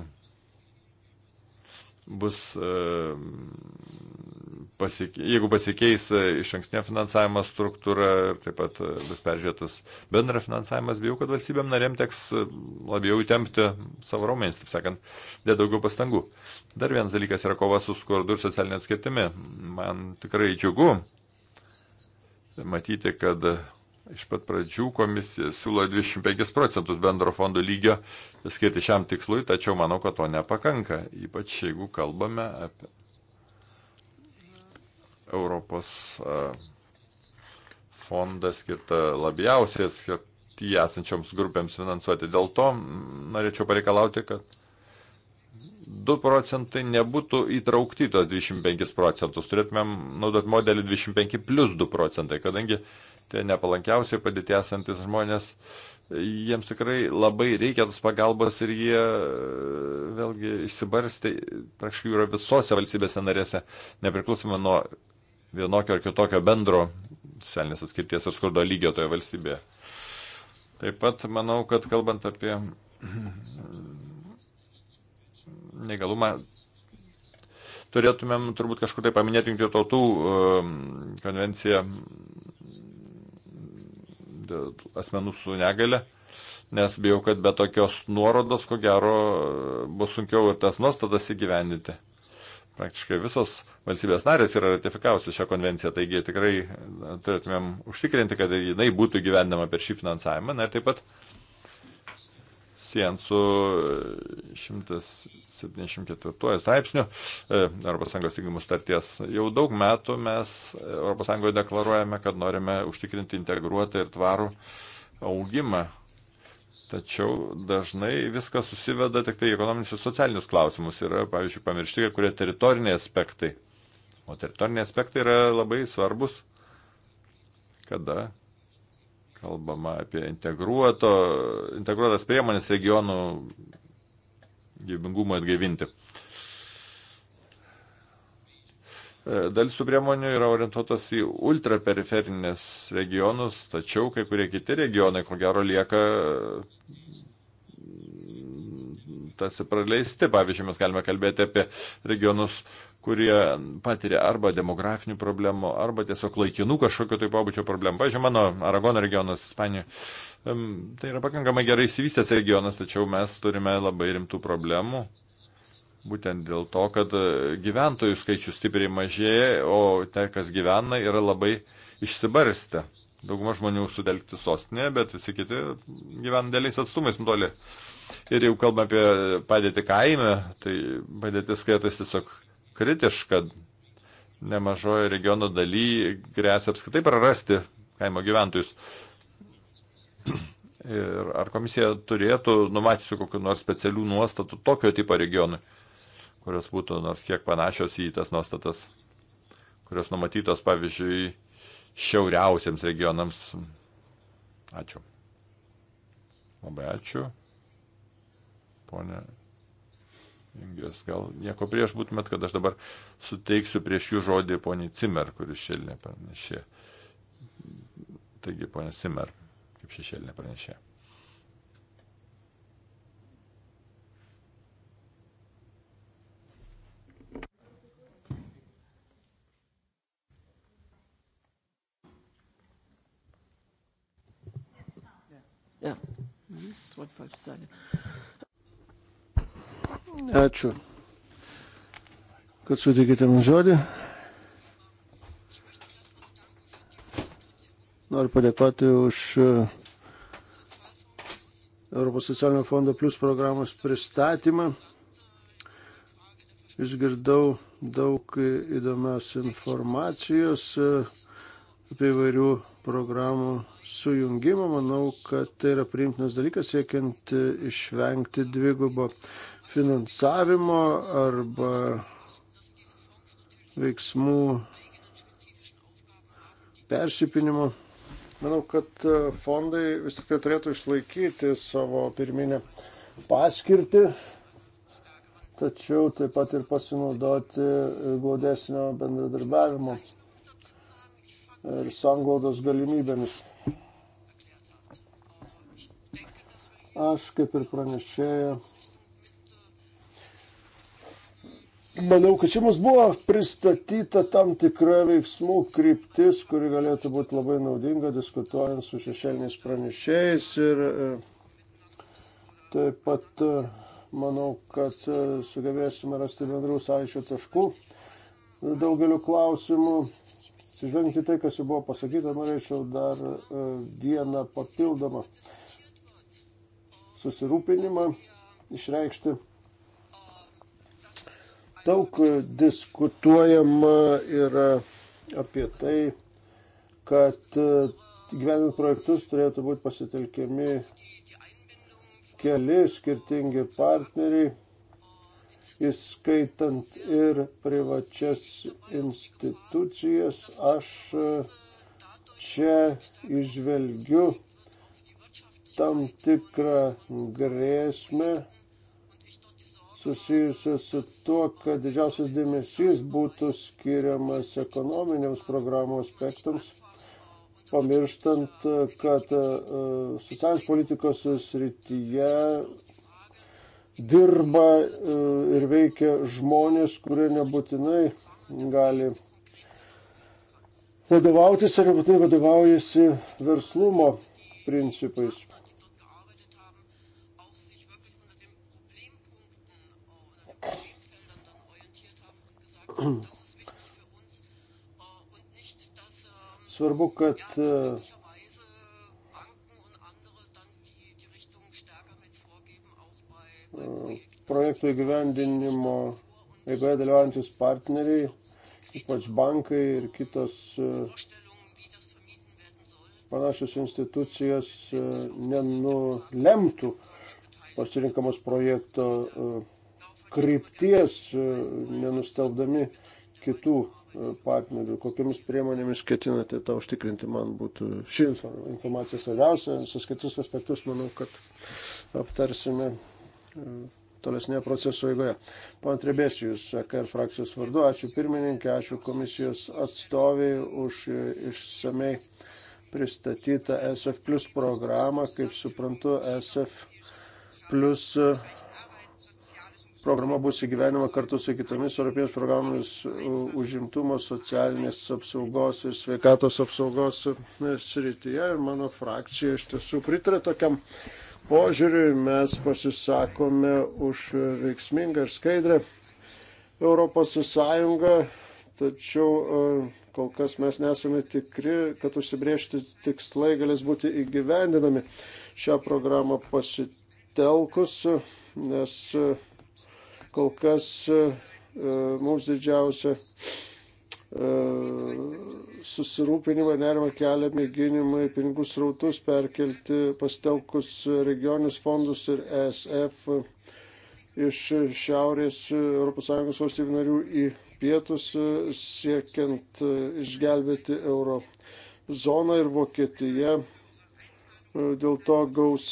bus e, pasike, jeigu pasikeis e, iš ankstinio finansavimo struktūra ir taip pat e, bus peržiūrėtas bendra finansavimas, bijau, kad valstybėm narėm teks labiau įtempti savo raumenys, taip sakant, dėti daugiau pastangų. Dar vienas dalykas yra kova su skurdu ir socialinė atskirtimi. Man tikrai džiugu matyti, kad Iš pat pradžių komisija siūlo 25 procentus bendro fondo lygio skirti šiam tikslui, tačiau manau, kad to nepakanka, ypač jeigu kalbame apie Europos fondą skirtą labiausiai skirti esančioms grupėms finansuoti. Dėl to norėčiau pareikalauti, kad 2 procentai nebūtų įtraukti tos 25 procentus. Turėtumėm naudot modelį 25 plus 2 procentai, kadangi uh, tie nepalankiausiai padėti esantis žmonės, jiems tikrai labai reikia tos pagalbos ir jie e, vėlgi išsibarsti, praktiškai yra visose valstybėse narėse, nepriklausomai nuo vienokio ar kitokio bendro socialinės atskirties ar skurdo lygio toje valstybėje. Taip pat manau, kad kalbant apie negalumą, turėtumėm turbūt kažkur tai paminėti jungtinių tautų e, konvenciją dėl asmenų su negale, nes bijau, kad be tokios nuorodos, ko gero, bus sunkiau ir tas nuostatas įgyvendinti. Praktiškai visos valstybės narės yra ratifikavusios šią konvenciją, taigi tikrai turėtumėm užtikrinti, kad jinai būtų gyvendama per šį finansavimą. Na ir taip pat uh, siejant su 174 e, straipsniu ES įgimų starties. Jau daug metų mes ES deklaruojame, kad norime užtikrinti integruotą ir tvarų augimą. Tačiau dažnai viskas susiveda tik tai ekonominius ir socialinius klausimus. Yra, pavyzdžiui, pamiršti kai kurie teritoriniai aspektai. O teritoriniai aspektai yra labai svarbus, kada kalbama apie integruotas priemonės regionų gyvybingumą atgaivinti. E, dalis tų priemonių yra orientuotas į ultraperiferinės regionus, tačiau kai kurie kiti regionai, ko gero, lieka e, tarsi praleisti. Pavyzdžiui, mes galime kalbėti apie regionus, kurie patiria arba demografinių problemų, arba tiesiog laikinų kažkokio tai pabučio problemų. Pavyzdžiui, mano Aragono regionas Ispanijoje. Tai yra pakankamai gerai įsivystęs regionas, tačiau mes turime labai rimtų problemų. Būtent dėl to, kad e, gyventojų skaičius stipriai mažėja, o tai, kas gyvena, yra labai išsibarstę. Dauguma žmonių sudelgti sostinėje, bet visi kiti gyvena dėliais atstumais nutoli. Ir jau kalbame apie padėtį kaime, tai padėtis skaitas tiesiog kritiška. Nemažoje regiono daly grėsia apskritai prarasti kaimo gyventojus. Ir ar komisija turėtų numatysiu kokiu nors specialių nuostatų tokio tipo regionui, kurios būtų nors kiek panašios į tas nuostatas, kurios numatytos, pavyzdžiui, šiauriausiems regionams. Ačiū. Labai ačiū. Pone Vengrijos. Gal nieko prieš būtumėt, kad aš dabar suteiksiu prieš jų žodį poniai Cimer, kuris šešėlinė pranešė. Taigi, ponia Cimer, kaip šešėlinė pranešė. Ja, 12 mhm. Seiten. Ačiū, kad sutikite man žodį. Noriu padėkoti už e, Europos socialinio fondo plus programos pristatymą. Išgirdau daug įdomios informacijos e, apie įvairių programų sujungimą. Manau, kad tai yra priimtinas dalykas, siekiant e, išvengti dvigubo finansavimo arba veiksmų persipinimo. Manau, kad e, fondai vis tik tai turėtų išlaikyti savo pirminę paskirtį, tačiau taip pat ir pasinaudoti e, glaudesnio bendradarbiavimo ir sanglaudos galimybėmis. Aš kaip ir pranešėjau manau, kad čia mums buvo pristatyta tam tikra veiksmų kryptis, kuri galėtų būti labai naudinga diskutuojant su šešėliniais pranešėjais ir e, taip pat e, manau, kad e, sugebėsime rasti bendrų sąlyčio taškų daugeliu klausimų. Sižvengti tai, kas jau buvo pasakyta, norėčiau dar vieną papildomą susirūpinimą išreikšti. Daug e, diskutuojama yra apie tai, kad e, gyvenant projektus turėtų būti pasitelkiami keli skirtingi partneriai, įskaitant ir privačias institucijas. Aš e, čia išvelgiu tam tikrą grėsmę susijusios su tuo, kad didžiausias dėmesys būtų skiriamas ekonominiams programų aspektams, pamirštant, kad e, socialinės politikos srityje dirba e, ir veikia žmonės, kurie nebūtinai gali vadovautis ar nebūtinai vadovaujasi verslumo principais. Svarbu, kad äh, äh, projektų įgyvendinimo eigoje dalyvaujantis partneriai, ypač bankai ir kitos äh, panašios institucijos nenulemtų pasirinkamos projekto krypties, e, nenustelbdami kitų e, partnerių, kokiamis priemonėmis ketinate tą užtikrinti, man būtų ši informacija svarbiausia, visus kitus aspektus manau, kad aptarsime e, tolesnėje proceso eigoje. Pantrebėsiu Jūs, KR frakcijos vardu, ačiū pirmininkė, ačiū komisijos atstoviai už išsamei pristatytą SF plus programą, kaip suprantu, SF plus programa bus įgyvenima kartu su kitomis Europinės programomis užimtumo, socialinės apsaugos ir sveikatos apsaugos e, srityje. Ir mano frakcija iš tiesų pritarė tokiam požiūriui. Mes pasisakome už veiksmingą ir skaidrę Europos Sąjungą, tačiau e, kol kas mes nesame tikri, kad užsibriežti tikslai galės būti įgyvendinami šią programą pasitelkus, nes Kol kas e, e, mums didžiausia e, susirūpinimą nerimą kelia mėginimai pinigų srautus perkelti pastelkus regionius fondus ir ESF iš šiaurės ES valstybių narių į pietus siekiant išgelbėti euro zoną ir Vokietija dėl to gaus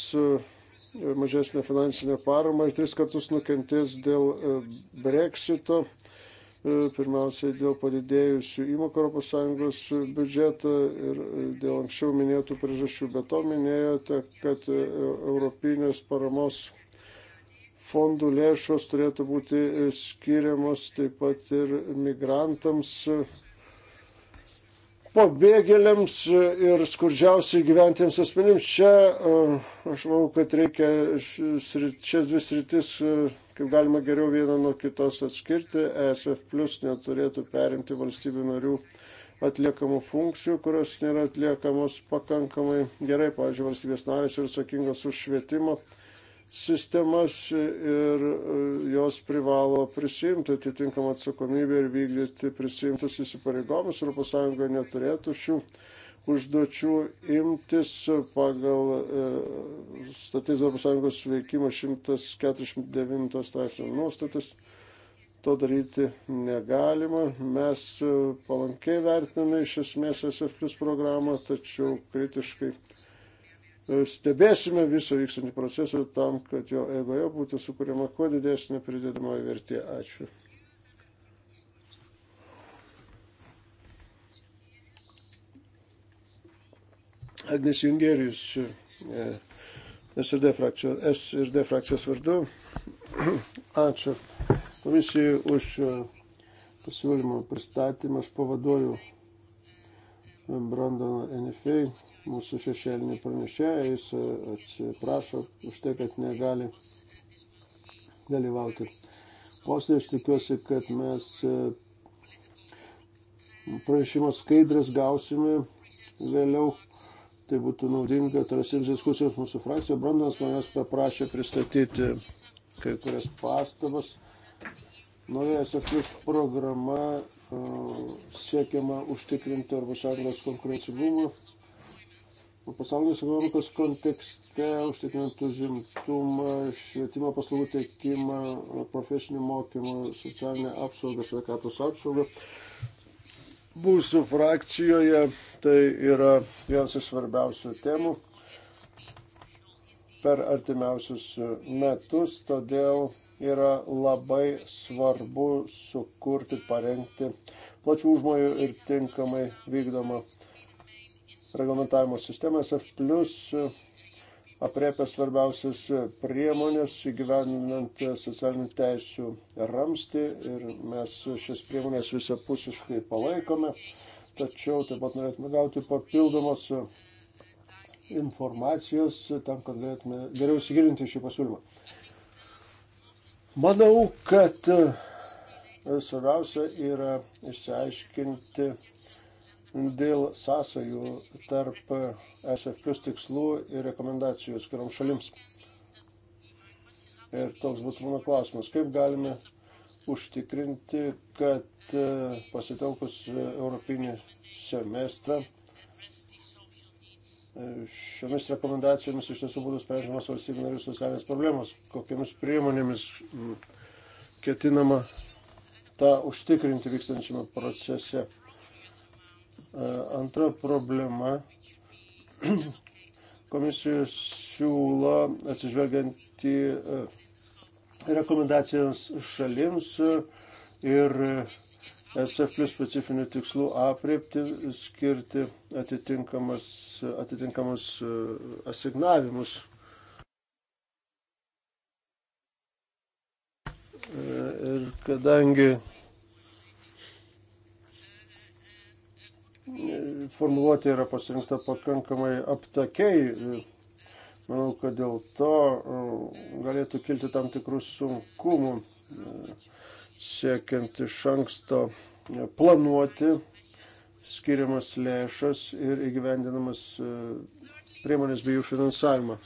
mažesnę finansinę paramą ir tris kartus nukentės dėl e, breksito, e, pirmiausiai dėl padidėjusių įmokų ES biudžetą ir e, dėl anksčiau minėtų priežasčių. Be to minėjote, kad Europinės paramos fondų lėšos turėtų būti skiriamos taip pat ir migrantams pabėgėliams ir skurdžiausiai gyventiems asmenims. Čia e, aš manau, kad reikia šias dvi sritis, e, kaip galima geriau vieną nuo kitos atskirti. ESF plus neturėtų perimti valstybių narių atliekamų funkcijų, kurios nėra atliekamos pakankamai gerai. Pavyzdžiui, valstybės narės yra atsakingos už švietimo sistemas ir e, jos privalo prisimti atitinkamą atsakomybę ir vykdyti prisimtus įsipareigomus. ES neturėtų šių užduočių imtis pagal e, statys ES veikimo 149 straipsnio nuostatas. To daryti negalima. Mes e, palankiai vertiname iš esmės SF plus programą, tačiau kritiškai E, stebėsime visą vykstantį procesą tam, kad jo eigoje būtų sukūrima kuo didesnė pridėdamoji vertė. Ačiū. Agnes Jungerijus, e, S ir D frakcijos, S ir D frakcijos vardu. Ačiū komisijai už e, pasiūlymo pristatymą. Aš pavaduoju Brandoną Enifei, mūsų šešėlinį pranešėją, jis e, atsiprašo už tai, kad negali dalyvauti. Posėdė, aš tikiuosi, kad mes e, pranešimo skaidras gausime vėliau. Tai būtų naudinga tarsims diskusijoms mūsų frakcijo. Brandonas manęs paprašė pristatyti kai kurias pastabas. Naujas aplius programa siekiama užtikrinti arba šalies konkurencingumą. Pasaulinės ekonomikos kontekste užtikrinant užimtumą, švietimo paslaugų teikimą, profesinį mokymą, socialinę apsaugą, sveikatos apsaugą. Būsų frakcijoje tai yra vienas iš svarbiausių temų per artimiausius metus, todėl yra labai svarbu sukurti, parengti plačių užmojų ir tinkamai vykdomą reglamentavimo sistemą. SF plus apriepia svarbiausias priemonės įgyveninant socialinių teisių ramsti ir mes šias priemonės visapusiškai palaikome, tačiau taip pat norėtume gauti papildomos informacijos tam, kad galėtume geriau įsigilinti šį pasiūlymą. Manau, kad e, svarbiausia yra išsiaiškinti dėl sąsajų tarp SF plus tikslų ir rekomendacijų skiriam šalims. Ir toks būtų mano klausimas, kaip galime užtikrinti, kad e, pasitelkus e, Europinį semestrą šiomis rekomendacijomis iš tiesų būtų sprendžiamas valstybių narių socialinės problemos, kokiamis priemonėmis ketinama tą užtikrinti vykstančiame procese. E, antra problema. Komisija siūlo, atsižvelgiant į e, rekomendacijos šalims ir SF plus specifinių tikslų apriepti, skirti atitinkamus, atitinkamus e, asignavimus. E, ir kadangi formuluotė yra pasirinkta pakankamai aptakiai, e, manau, kad dėl to galėtų kilti tam tikrus sunkumų siekiant iš anksto planuoti skiriamas lėšas ir įgyvendinamas e, priemonės bei jų finansavimą.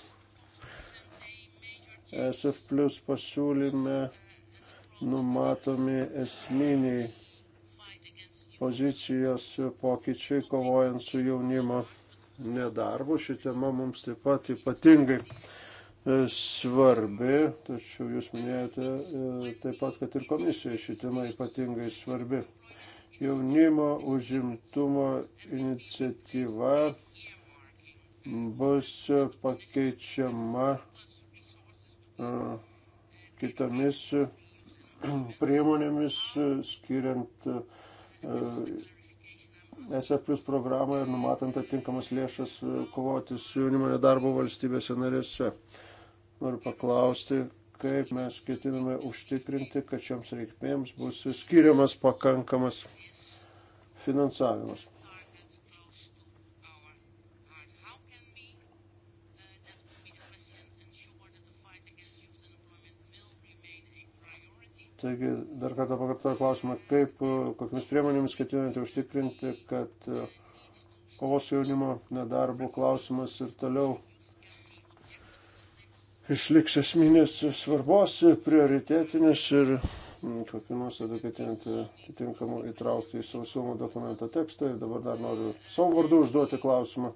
SF plus pasiūlyme numatomi esminiai pozicijos pokyčiai kovojant su jaunimo nedarbu. Ši tema mums taip pat ypatingai E, svarbi, tačiau jūs minėjote e, taip pat, kad ir komisija ši tema ypatingai svarbi. Jaunimo užimtumo iniciatyva bus pakeičiama e, kitomis priemonėmis, skiriant SF plus programą ir numatant atitinkamas lėšas kovoti su jaunimo nedarbo valstybėse narėse. Noriu paklausti, kaip mes ketiname užtikrinti, kad šioms reikmėms bus skiriamas pakankamas finansavimas. Taigi, dar kartą pakartoju klausimą, kaip, kokiamis priemonėmis ketinate užtikrinti, kad e, kovos jaunimo nedarbo klausimas ir toliau išliks esminės svarbos, prioritetinės ir mm, kokiu nors atitinkamu įtraukti į savo siūlomą dokumento tekstą. Ir dabar dar noriu savo vardu užduoti klausimą,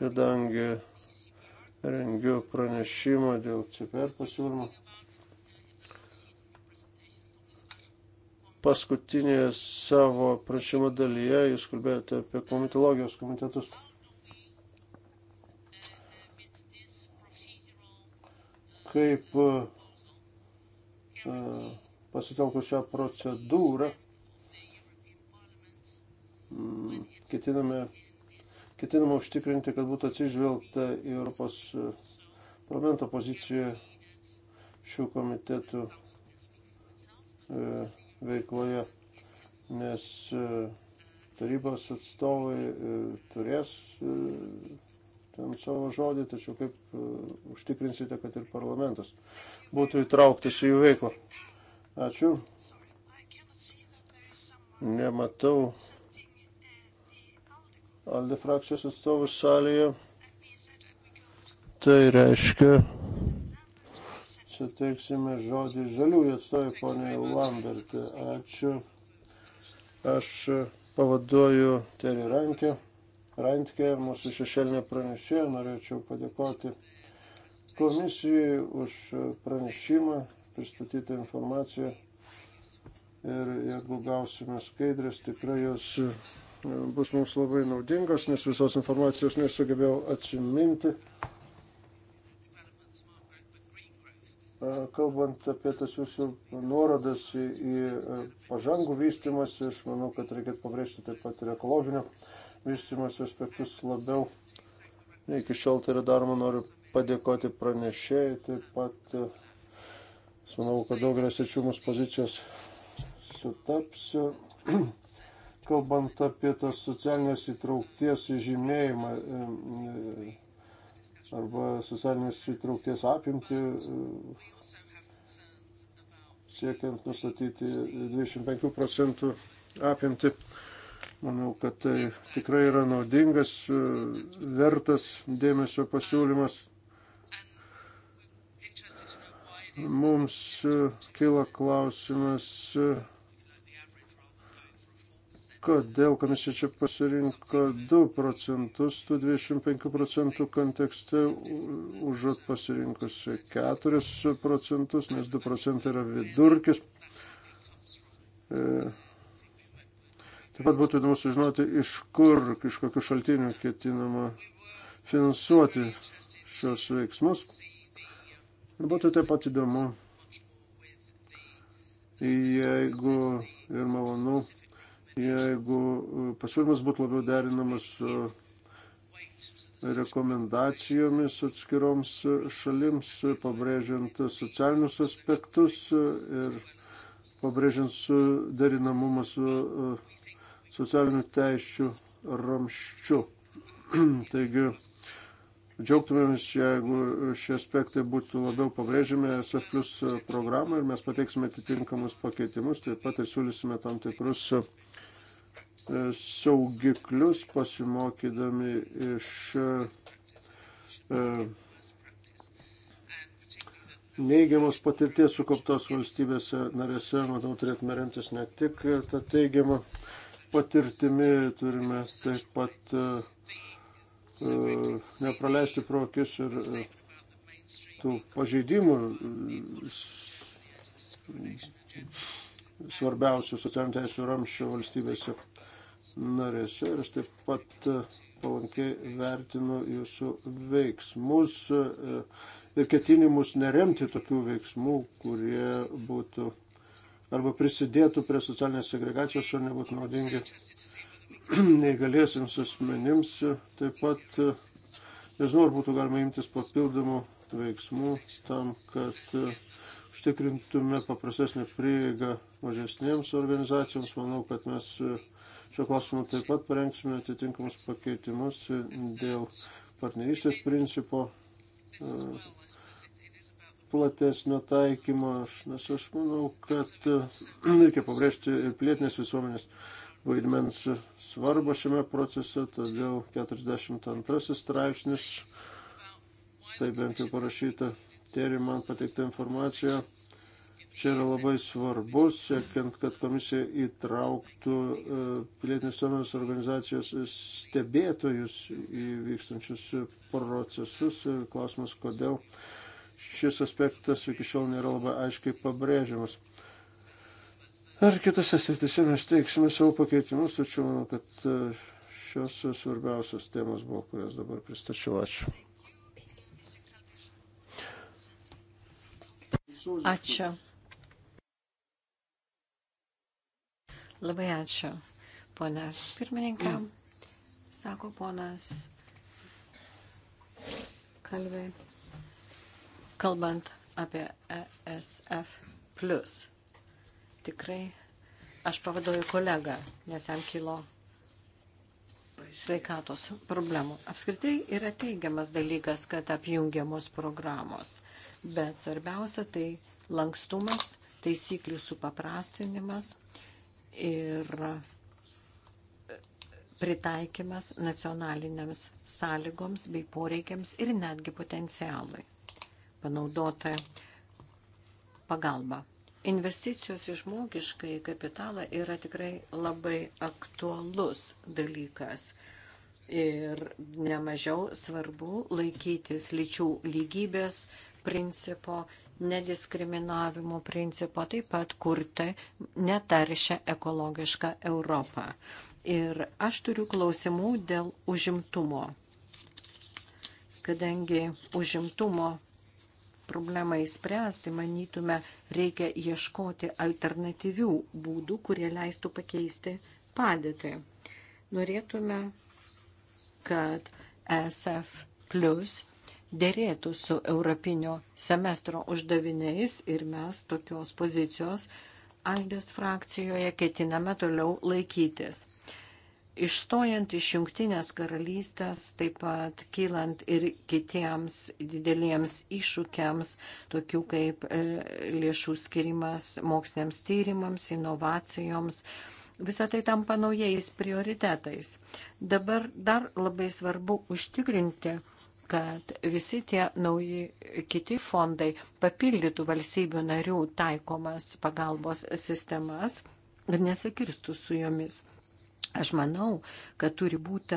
kadangi rengiu pranešimą dėl CPR pasiūlymo. Paskutinėje savo prašymo dalyje jūs kalbėjote apie komitologijos komitetus. kaip e, pasitelkus šią procedūrą ketiname, ketiname užtikrinti, kad būtų atsižvelgta į Europos e, parlamento poziciją šių komitetų e, veikloje, nes tarybos atstovai turės ten savo žodį, tačiau kaip e, užtikrinsite, kad ir parlamentas būtų įtrauktas į jų veiklą. Ačiū. Nematau Alde frakcijos atstovų salėje. Tai reiškia, suteiksime žodį žaliųjų atstovai poniai Lambert. Ačiū. Aš pavaduoju Terį Rankę. Rantke, mūsų šešėlinė pranešėja, norėčiau padėkoti komisijai už pranešimą, pristatytą informaciją ir jeigu gausime skaidrės, tikrai jos e, bus mums labai naudingos, nes visos informacijos nesugebėjau atsiminti. E, kalbant apie tas jūsų nuorodas į, į pažangų vystimas, aš manau, kad reikėtų pabrėžti taip pat ir ekologinio vystimas aspektus labiau. Ne iki šiol tai yra daroma, noriu padėkoti pranešėjai, taip pat, e, manau, kad daugelis ačiū mūsų pozicijos sutaps. Kalbant apie tas socialinės įtraukties žymėjimą e, e, arba socialinės įtraukties apimti, siekiant nustatyti 25 procentų apimti. Manau, kad tai tikrai yra naudingas, e, vertas dėmesio pasiūlymas. Mums e, kyla klausimas, e, kodėl komisija čia pasirinko 2 procentus, tų 25 procentų kontekste, užuot pasirinkusi 4 procentus, nes 2 procentai yra vidurkis. E, Taip pat būtų įdomu sužinoti, iš kur, iš kokių šaltinių ketinama finansuoti šios veiksmus. Ir būtų taip pat įdomu, jeigu ir malonu, jeigu pasiūlymas būtų labiau derinamas su rekomendacijomis atskiroms šalims, pabrėžiant socialinius aspektus ir pabrėžiant suderinamumą su socialinių teisčių ramščiu. Taigi, džiaugtumėmės, jeigu šie aspektai būtų labiau pabrėžiami SF plus programą ir mes pateiksime atitinkamus pakeitimus, taip pat ir siūlysime tam tikrus e, saugiklius pasimokydami iš e, neigiamos patirties sukauptos valstybėse narėse, manau, turėtume remtis ne tik tą teigiamą patirtimi, turime taip pat e, e, nepraleisti prokis ir e, tų pažeidimų svarbiausių socialinių teisų ramščių valstybėse narėse ir aš taip pat palankiai vertinu jūsų veiksmus ir ketinimus neremti tokių veiksmų, kurie būtų arba prisidėtų prie socialinės segregacijos ar nebūtų naudingi neįgaliesiams asmenims. Taip pat nežinau, ar būtų galima imtis papildomų veiksmų tam, kad e, užtikrintume paprastesnį prieigą mažesnėms organizacijoms. Manau, kad mes e, šio klausimu taip pat parengsime atitinkamus pakeitimus dėl partnerystės principo e, platesnio taikymo, aš, nes aš manau, kad e, reikia pabrėžti ir plėtinės visuomenės vaidmens svarbą šiame procese, todėl 42 straipsnis, tai bent jau parašyta, tėri man pateikta informacija, čia yra labai svarbus, siekiant, kad komisija įtrauktų e, pilietinės visuomenės organizacijos stebėtojus į vykstančius procesus. E, klausimas, kodėl šis aspektas iki šiol nėra labai aiškiai pabrėžiamas. Ar kitose srityse mes teiksime savo pakeitimus, tačiau manau, kad e, šios svarbiausios temos buvo, kurias dabar pristačiau. Ačiū. Ačiū. Labai ačiū, ponė pirmininkė. Sako ponas Kalvai. Kalbant apie ESF, tikrai aš pavaduoju kolegą, nes jam kilo sveikatos problemų. Apskritai yra teigiamas dalykas, kad apjungiamos programos, bet svarbiausia tai lankstumas, taisyklių supaprastinimas ir pritaikymas nacionaliniams sąlygoms bei poreikiams ir netgi potencialui panaudota pagalba. Investicijos į žmogišką į kapitalą yra tikrai labai aktualus dalykas. Ir nemažiau svarbu laikytis lyčių lygybės principo, nediskriminavimo principo, taip pat kurti netaršę ekologišką Europą. Ir aš turiu klausimų dėl užimtumo, kadangi užimtumo problemą įspręsti, manytume, reikia ieškoti alternatyvių būdų, kurie leistų pakeisti padėtį. Norėtume, kad ESF plus dėrėtų su europinio semestro uždaviniais ir mes tokios pozicijos Aldės frakcijoje ketiname toliau laikytis. Išstojant iš jungtinės karalystės, taip pat kylant ir kitiems dideliems iššūkiams, tokių kaip e, lėšų skirimas moksliniams tyrimams, inovacijoms, visą tai tampa naujais prioritetais. Dabar dar labai svarbu užtikrinti, kad visi tie nauji kiti fondai papildytų valstybių narių taikomas pagalbos sistemas ir nesikirstų su jomis. Aš manau, kad turi būti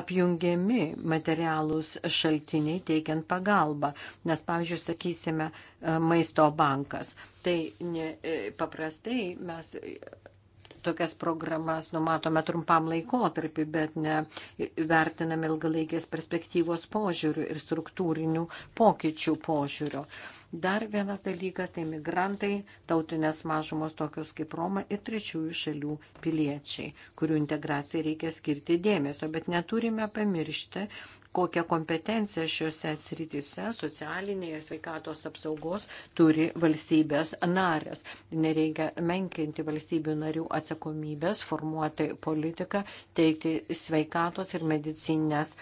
apjungiami materialūs šaltiniai teikiant pagalbą, nes, pavyzdžiui, sakysime, e, maisto bankas. Tai ne, e, paprastai mes tokias programas numatome trumpam laikotarpį, bet ne e, vertiname ilgalaikės perspektyvos požiūrių ir struktūrinių pokyčių požiūrių. Dar vienas dalykas - tai migrantai, tautinės mažumos tokios kaip Roma ir trečiųjų šalių piliečiai, kurių integracijai reikia skirti dėmesio. Bet neturime pamiršti, kokią kompetenciją šiuose srityse socialinėje ir sveikatos apsaugos turi valstybės narės. Nereikia menkinti valstybių narių atsakomybės, formuoti politiką, teikti sveikatos ir medicinės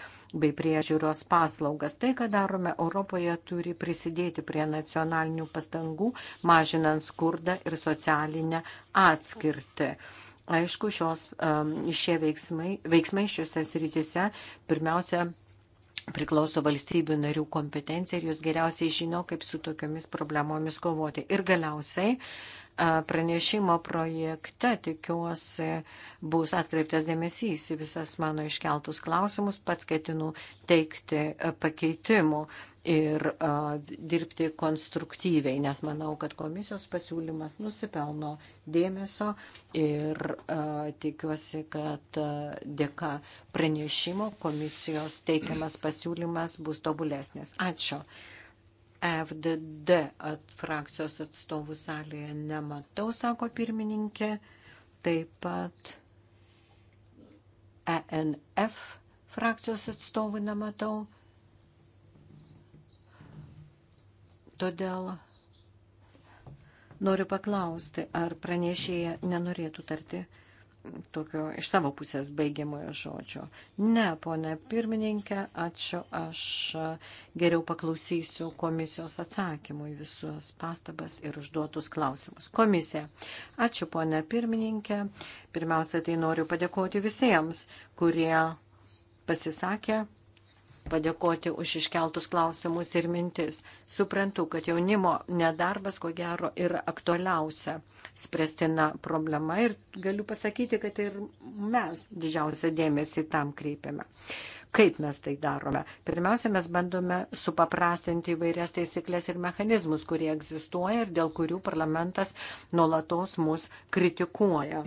bei priežiūros paslaugas. Tai, ką darome Europoje, turi prisidėti prie nacionalinių pastangų, mažinant skurdą ir socialinę atskirtį. Aišku, šios, um, šie veiksmai, veiksmai šiuose srityse pirmiausia priklauso valstybių narių kompetencija ir jūs geriausiai žino, kaip su tokiomis problemomis kovoti. Ir galiausiai pranešimo projekte, tikiuosi, bus atkreiptas dėmesys į visas mano iškeltus klausimus, pats ketinu teikti pakeitimų ir a, dirbti konstruktyviai, nes manau, kad komisijos pasiūlymas nusipelno dėmesio ir a, tikiuosi, kad a, dėka pranešimo komisijos teikiamas pasiūlymas bus tobulesnis. Ačiū. FDD at frakcijos atstovų salėje nematau, sako pirmininkė. Taip pat ENF frakcijos atstovų nematau. Todėl noriu paklausti, ar pranešėja nenorėtų tarti tokio iš savo pusės baigiamojo žodžio. Ne, ponė pirmininkė, ačiū, aš geriau paklausysiu komisijos atsakymų į visus pastabas ir užduotus klausimus. Komisija, ačiū, ponė pirmininkė. Pirmiausia, tai noriu padėkoti visiems, kurie pasisakė padėkoti už iškeltus klausimus ir mintis. Suprantu, kad jaunimo nedarbas, ko gero, yra aktualiausia spręstina problema ir galiu pasakyti, kad ir mes didžiausią dėmesį tam kreipiame. Kaip mes tai darome? Pirmiausia, mes bandome supaprastinti įvairias taisyklės ir mechanizmus, kurie egzistuoja ir dėl kurių parlamentas nuolatos mus kritikuoja.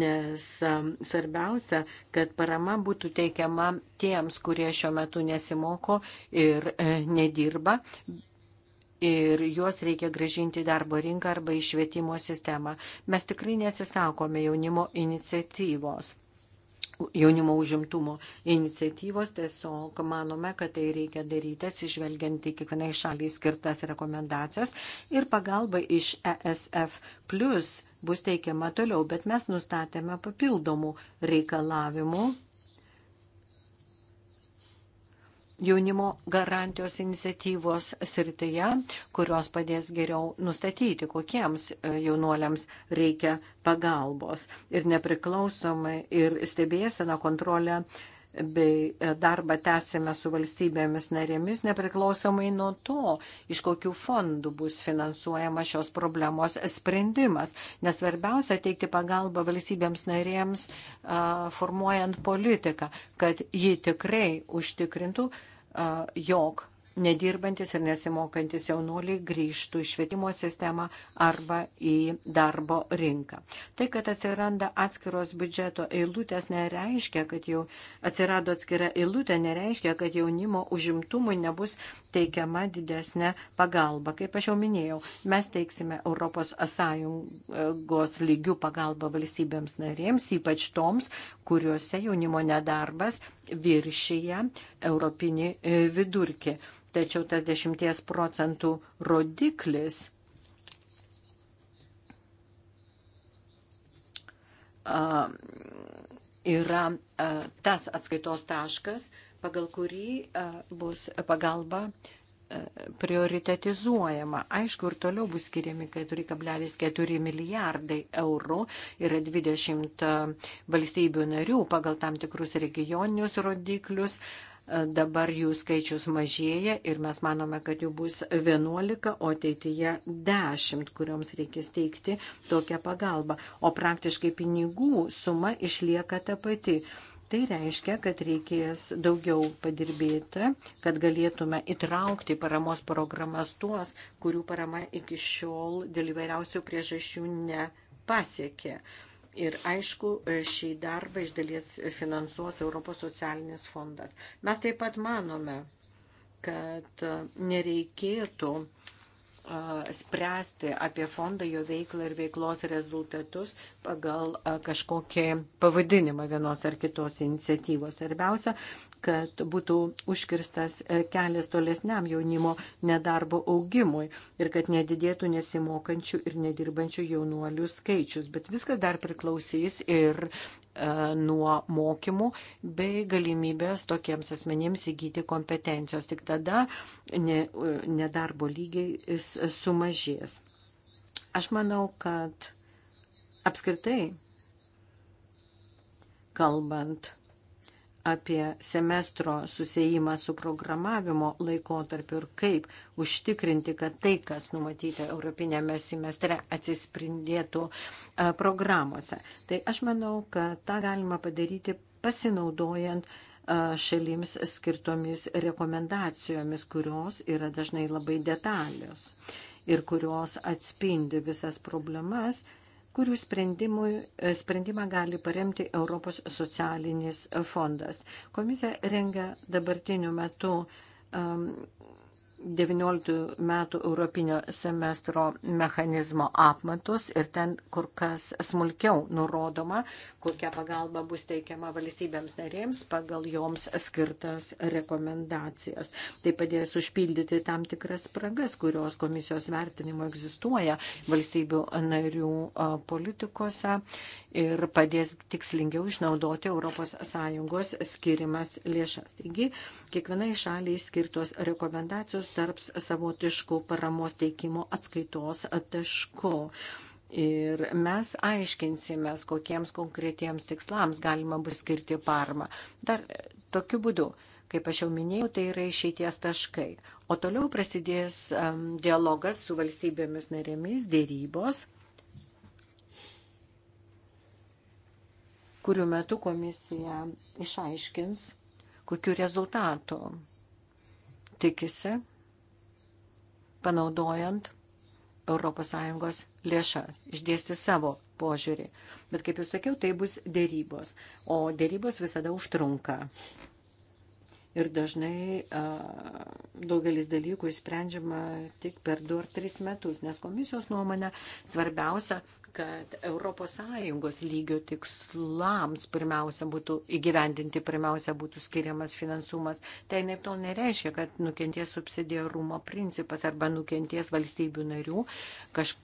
Nes um, svarbiausia, kad parama būtų teikiama tiems, kurie šiuo metu nesimoko ir e, nedirba ir juos reikia gražinti darbo rinką arba į švietimo sistemą. Mes tikrai neatsisakome jaunimo iniciatyvos jaunimo užimtumo iniciatyvos, tiesiog manome, kad tai reikia daryti atsižvelgiant į kiekvienai šaliai skirtas rekomendacijas ir pagalba iš ESF plus bus teikiama toliau, bet mes nustatėme papildomų reikalavimų jaunimo garantijos iniciatyvos srityje, kurios padės geriau nustatyti, kokiems e, jaunuoliams reikia pagalbos. Ir nepriklausomai ir stebėsena kontrolę bei e, darbą tęsime su valstybėmis narėmis, nepriklausomai nuo to, iš kokių fondų bus finansuojama šios problemos sprendimas. Nes svarbiausia teikti pagalbą valstybėms narėms e, formuojant politiką, kad ji tikrai užtikrintų, e, jog nedirbantis ir nesimokantis jaunuoliai grįžtų į švietimo sistemą arba į darbo rinką. Tai, kad atsiranda atskiros biudžeto eilutės, nereiškia, kad jau atsirado atskira eilutė, nereiškia, kad jaunimo užimtumui nebus teikiama didesnė pagalba. Kaip aš jau minėjau, mes teiksime Europos sąjungos lygių pagalbą valstybėms narėms, ypač toms, kuriuose jaunimo nedarbas viršyje europinį e, vidurkį. Tačiau tas 10 procentų rodiklis yra tas atskaitos taškas, pagal kurį bus pagalba prioritetizuojama. Aišku, ir toliau bus skiriami 4,4 milijardai eurų. Yra 20 e, valstybių narių pagal tam tikrus regioninius rodiklius. E, dabar jų skaičius mažėja ir mes manome, kad jų bus 11, o ateityje 10, kurioms reikės teikti tokią pagalbą. O praktiškai pinigų suma išlieka ta pati. Tai reiškia, kad reikės daugiau padirbėti, kad galėtume įtraukti paramos programas tuos, kurių parama iki šiol dėl įvairiausių priežasčių nepasiekė. Ir aišku, šį darbą iš dalies finansuos Europos socialinis fondas. Mes taip pat manome, kad nereikėtų uh, spręsti apie fondą, jo veiklą ir veiklos rezultatus pagal kažkokį pavadinimą vienos ar kitos iniciatyvos. Svarbiausia, kad būtų užkirstas e, kelias tolesniam jaunimo nedarbo augimui ir kad nedidėtų nesimokančių ir nedirbančių jaunuolių skaičius. Bet viskas dar priklausys ir E, nuo mokymų bei galimybės tokiems asmenėms įgyti kompetencijos. Tik tada e, nedarbo ne lygiai sumažės. Aš manau, kad apskritai kalbant apie semestro susijimą su programavimo laikotarpiu ir kaip užtikrinti, kad tai, kas numatyta Europinėme semestre, atsispindėtų e, programuose. Tai aš manau, kad tą galima padaryti pasinaudojant e, šalims skirtomis rekomendacijomis, kurios yra dažnai labai detalios ir kurios atspindi visas problemas kurių e, sprendimą gali paremti Europos socialinis fondas. Komisija rengia dabartiniu metu um, 19 metų Europinio semestro mechanizmo apmatus ir ten kur kas smulkiau nurodoma, kokia pagalba bus teikiama valstybėms narėms pagal joms skirtas rekomendacijas. Tai padės užpildyti tam tikras spragas, kurios komisijos vertinimo egzistuoja valstybių narių politikose ir padės tikslingiau išnaudoti ES skirimas lėšas. Taigi, kiekvienai šaliai skirtos rekomendacijos jos tarps savotiškų paramos teikimo atskaitos taškų. Ir mes aiškinsimės, kokiems konkretiems tikslams galima bus skirti parmą. Dar e, tokiu būdu kaip aš jau minėjau, tai yra išeities taškai. O toliau prasidės um, dialogas su valstybėmis narėmis, dėrybos, kurių metu komisija išaiškins, kokiu rezultatu tikisi panaudojant ES lėšas, išdėsti savo požiūrį. Bet, kaip jau sakiau, tai bus dėrybos, o dėrybos visada užtrunka. Ir dažnai a, daugelis dalykų įsprendžiama tik per 2 ar 3 metus, nes komisijos nuomonė svarbiausia kad ES lygio tikslams pirmiausia būtų įgyvendinti, pirmiausia būtų skiriamas finansumas. Tai net to nereiškia, kad nukenties subsidiarumo principas arba nukenties valstybių narių kaž,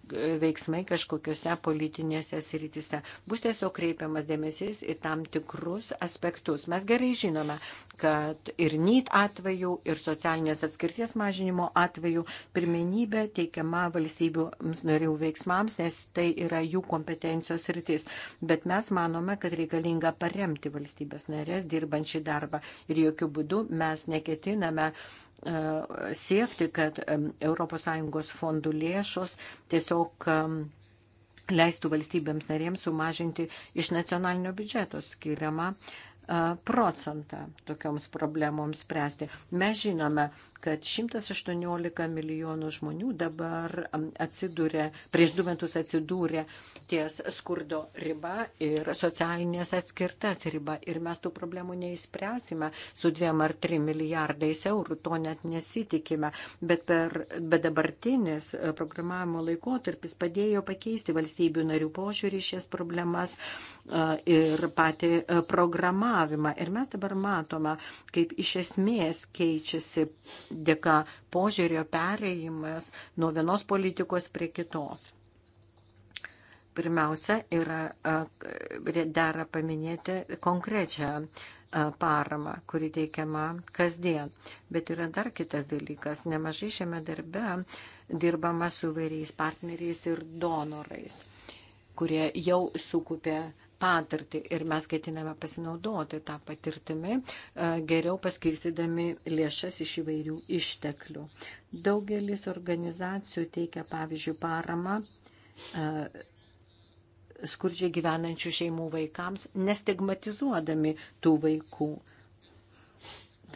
veiksmai kažkokiuose politinėse sritise. Bus tiesiog kreipiamas dėmesys į tam tikrus aspektus. Mes gerai žinome, kad ir NIT atveju, ir socialinės atskirties mažinimo atveju pirmenybė teikiama valstybių narių veiksmams, nes tai yra jų kompetencijos rytis. Bet mes manome, kad reikalinga paremti valstybės narės dirbant šį darbą ir jokių būdų mes neketiname e, siekti, kad ES fondų lėšos tiesiog leistų valstybėms narėms sumažinti iš nacionalinio biudžeto skiriamą uh, procentą tokioms problemoms spręsti. Mes žinome, kad 118 milijonų žmonių dabar um, atsidūrė, prieš du metus atsidūrė ties skurdo riba ir socialinės atskirtas riba. Ir mes tų problemų neįspręsime su dviem ar trim milijardais eurų, to net nesitikime. Bet, per, bet dabartinis uh, programavimo laikotarpis padėjo pakeisti valstybių narių požiūrį šias problemas uh, ir patį uh, programavimą. Ir mes dabar matome, kaip iš esmės keičiasi dėka požiūrio pereimas nuo vienos politikos prie kitos. Pirmiausia, yra, dera paminėti konkrečią paramą, kuri teikiama kasdien. Bet yra dar kitas dalykas. Nemažai šiame darbe dirbama su vairiais partneriais ir donorais, kurie jau sukupė uh, patirtį ir mes ketiname pasinaudoti tą patirtimį, e, geriau paskirstydami lėšas iš įvairių išteklių. Daugelis organizacijų teikia, pavyzdžiui, paramą e, skurdžiai gyvenančių šeimų vaikams, nestigmatizuodami tų vaikų.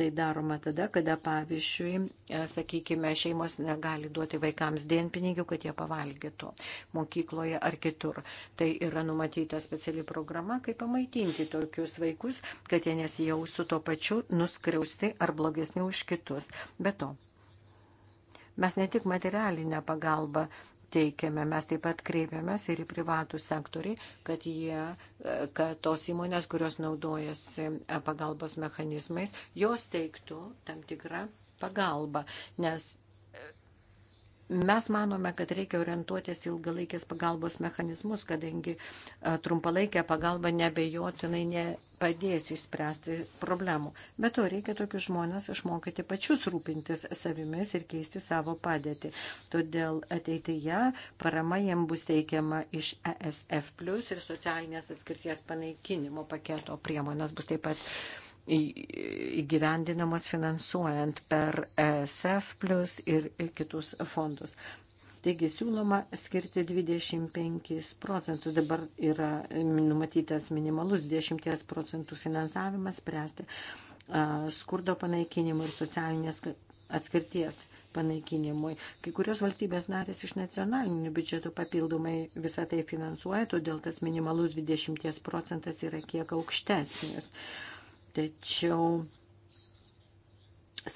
Tai daroma tada, kada, pavyzdžiui, e, sakykime, šeimos negali duoti vaikams dienpinigių, kad jie pavalgytų mokykloje ar kitur. Tai yra numatyta speciali programa, kaip pamaitinti tokius vaikus, kad jie nesijausų to pačiu nuskriausti ar blogesni už kitus. Be to, mes ne tik materialinę pagalbą teikiame. Mes taip pat kreipiamės ir į privatų sektorį, kad, jie, kad tos įmonės, kurios naudojasi e, pagalbos mechanizmais, jos teiktų tam tikrą pagalbą, nes e, Mes manome, kad reikia orientuotis ilgalaikės pagalbos mechanizmus, kadangi e, trumpalaikė pagalba nebejotinai ne, padės įspręsti problemų. Be to, reikia tokius žmonės išmokyti pačius rūpintis savimis ir keisti savo padėtį. Todėl ateityje parama jiem bus teikiama iš ESF plus ir socialinės atskirties panaikinimo paketo priemonės bus taip pat įgyvendinamos finansuojant per ESF plus ir kitus fondus. Taigi siūloma skirti 25 procentus. Dabar yra numatytas minimalus 10 procentų finansavimas spręsti skurdo panaikinimui ir socialinės atskirties panaikinimui. Kai kurios valstybės narės iš nacionalinių biudžetų papildomai visą tai finansuoja, todėl tas minimalus 20 procentas yra kiek aukštesnis. Tačiau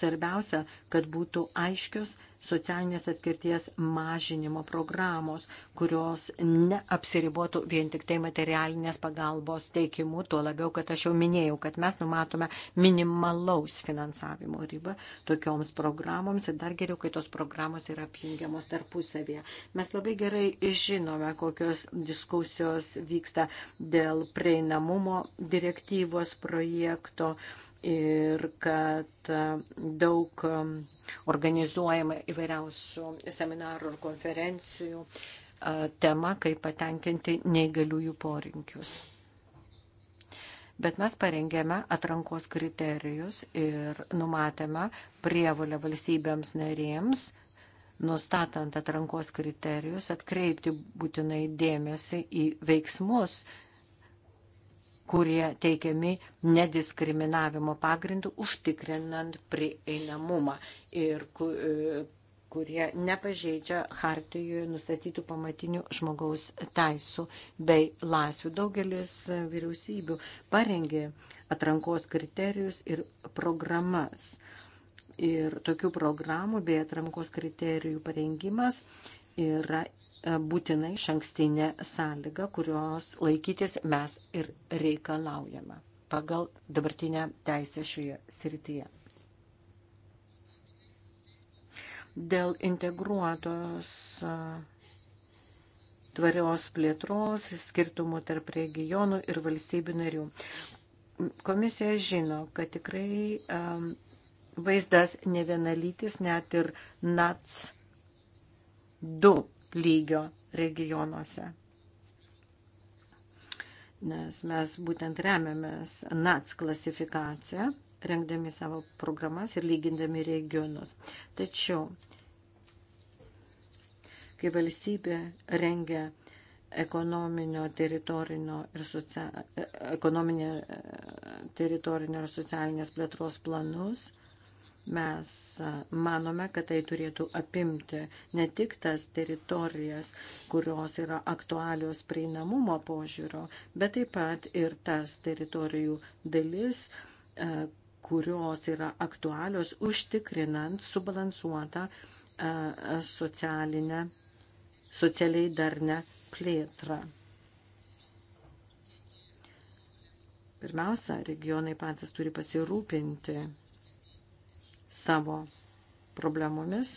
svarbiausia, kad būtų aiškios socialinės atskirties mažinimo programos, kurios neapsiribotų vien tik tai materialinės pagalbos teikimu, tuo labiau, kad aš jau minėjau, kad mes numatome minimalaus finansavimo ribą tokioms programoms ir dar geriau, kai tos programos yra apjungiamos tarpusavėje. Mes labai gerai žinome, kokios diskusijos vyksta dėl prieinamumo direktyvos projekto ir kad e, daug e, organizuojama įvairiausių seminarų ir konferencijų e, tema, kaip patenkinti neįgaliųjų porinkius. Bet mes parengėme atrankos kriterijus ir numatėme prievalę valstybėms narėms, nustatant atrankos kriterijus, atkreipti būtinai dėmesį į veiksmus kurie teikiami nediskriminavimo pagrindu, užtikrinant prieinamumą ir e, kurie nepažeidžia hartijoje nustatytų pamatinių žmogaus teisų bei laisvių. Daugelis vyriausybių parengė atrankos kriterijus ir programas. Ir tokių programų bei atrankos kriterijų parengimas yra E, būtinai šankstinė sąlyga, kurios laikytis mes ir reikalaujame pagal dabartinę teisę šioje srityje. Dėl integruotos e, tvarios plėtros, skirtumų tarp regionų ir valstybių narių. Komisija žino, kad tikrai um, vaizdas nevienalytis net ir NATS 2 lygio regionuose. Nes mes būtent remiamės NATS klasifikaciją, rengdami savo programas ir lygindami regionus. Tačiau, kai valstybė rengia ekonominio, teritorinio ir, socia... ekonominio, teritorinio ir socialinės plėtros planus, Mes manome, kad tai turėtų apimti ne tik tas teritorijas, kurios yra aktualios prieinamumo požiūrio, bet taip pat ir tas teritorijų dalis, kurios yra aktualios užtikrinant subalansuotą socialinę, socialiai darnę plėtrą. Pirmiausia, regionai patys turi pasirūpinti savo problemomis,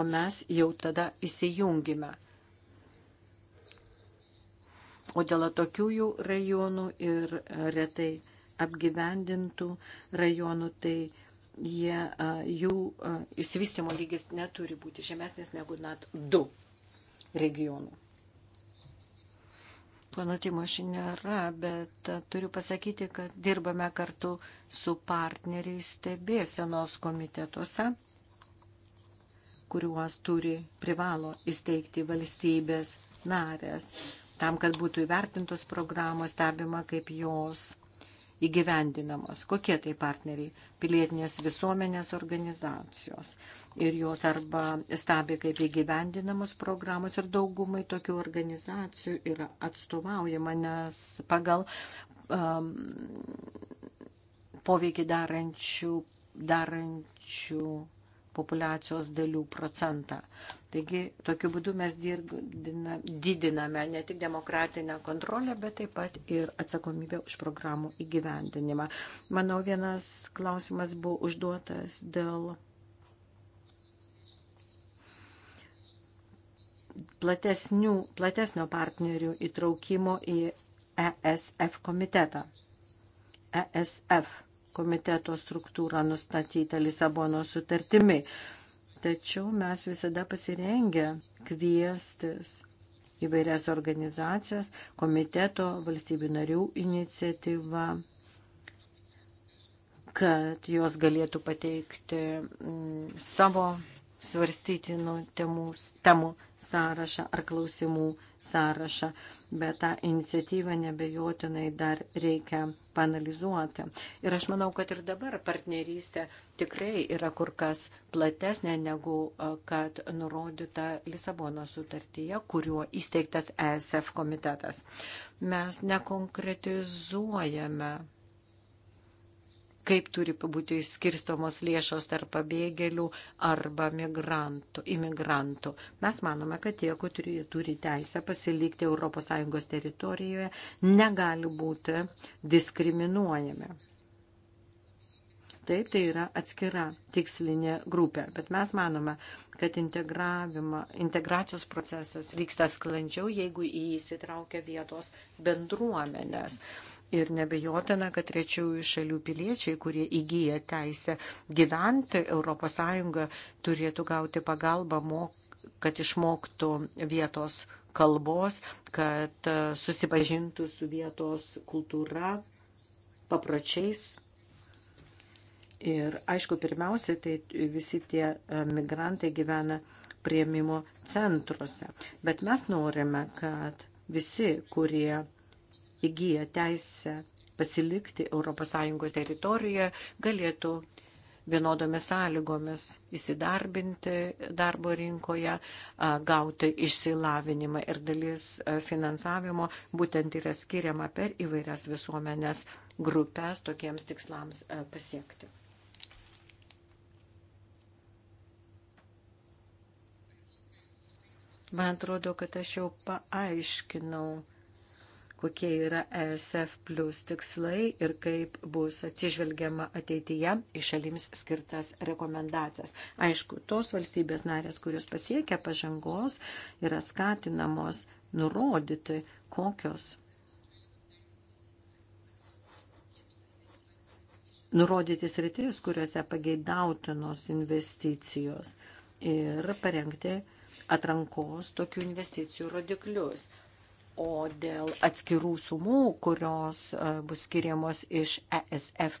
o mes jau tada įsijungime. O dėl atokiųjų rajonų ir retai apgyvendintų rajonų, tai jie, jų įsivystimo lygis neturi būti žemesnis negu net du regionų. Pono Timoši nėra, bet turiu pasakyti, kad dirbame kartu su partneriais stebėsenos komitetuose, kuriuos turi privalo įsteigti valstybės narės, tam, kad būtų įvertintos programos, stebima, kaip jos įgyvendinamos. Kokie tai partneriai? Pilietinės visuomenės organizacijos. Ir jos arba stebi, kaip įgyvendinamos programos ir daugumai tokių organizacijų yra atstovaujama, nes pagal um, poveikį darančių, darančių populacijos dalių procentą. Taigi, tokiu būdu mes dirgina, didiname ne tik demokratinę kontrolę, bet taip pat ir atsakomybę už programų įgyvendinimą. Manau, vienas klausimas buvo užduotas dėl platesnių, platesnio partnerių įtraukimo į ESF komitetą. ESF komiteto struktūra nustatyta Lisabono sutartimi. Tačiau mes visada pasirengę kviestis įvairias organizacijas, komiteto, valstybių narių iniciatyva, kad jos galėtų pateikti mm, savo svarstytinų temų, temų sąrašą ar klausimų sąrašą, bet tą iniciatyvą nebejotinai dar reikia panalizuoti. Ir aš manau, kad ir dabar partnerystė tikrai yra kur kas platesnė negu kad nurodyta Lisabono sutartyje, kuriuo įsteigtas ESF komitetas. Mes nekonkretizuojame kaip turi būti skirstomos lėšos tarp pabėgėlių arba migrantų, imigrantų. Mes manome, kad tie, kurie turi, turi teisę pasilikti ES teritorijoje, negali būti diskriminuojami. Taip, tai yra atskira tikslinė grupė, bet mes manome, kad integracijos procesas vyksta sklandžiau, jeigu į jį įsitraukia vietos bendruomenės. Ir nebejotina, kad trečiųjų šalių piliečiai, kurie įgyja teisę gyventi ES, turėtų gauti pagalbą, kad išmoktų vietos kalbos, kad e, susipažintų su vietos kultūra, papročiais. Ir aišku, pirmiausia, tai visi tie e, migrantai gyvena prieimimo centruose. Bet mes norime, kad visi, kurie įgyja teisę pasilikti ES teritorijoje, galėtų vienodomis sąlygomis įsidarbinti darbo rinkoje, gauti išsilavinimą ir dalis finansavimo būtent yra skiriama per įvairias visuomenės grupės tokiems tikslams pasiekti. Man atrodo, kad aš jau paaiškinau kokie yra ESF plus tikslai ir kaip bus atsižvelgiama ateityje į šalims skirtas rekomendacijas. Aišku, tos valstybės narės, kurios pasiekia pažangos, yra skatinamos nurodyti, kokios nurodyti sritis, kuriuose pageidautinos investicijos ir parengti atrankos tokių investicijų rodiklius. O dėl atskirų sumų, kurios e, bus skiriamos iš ESF,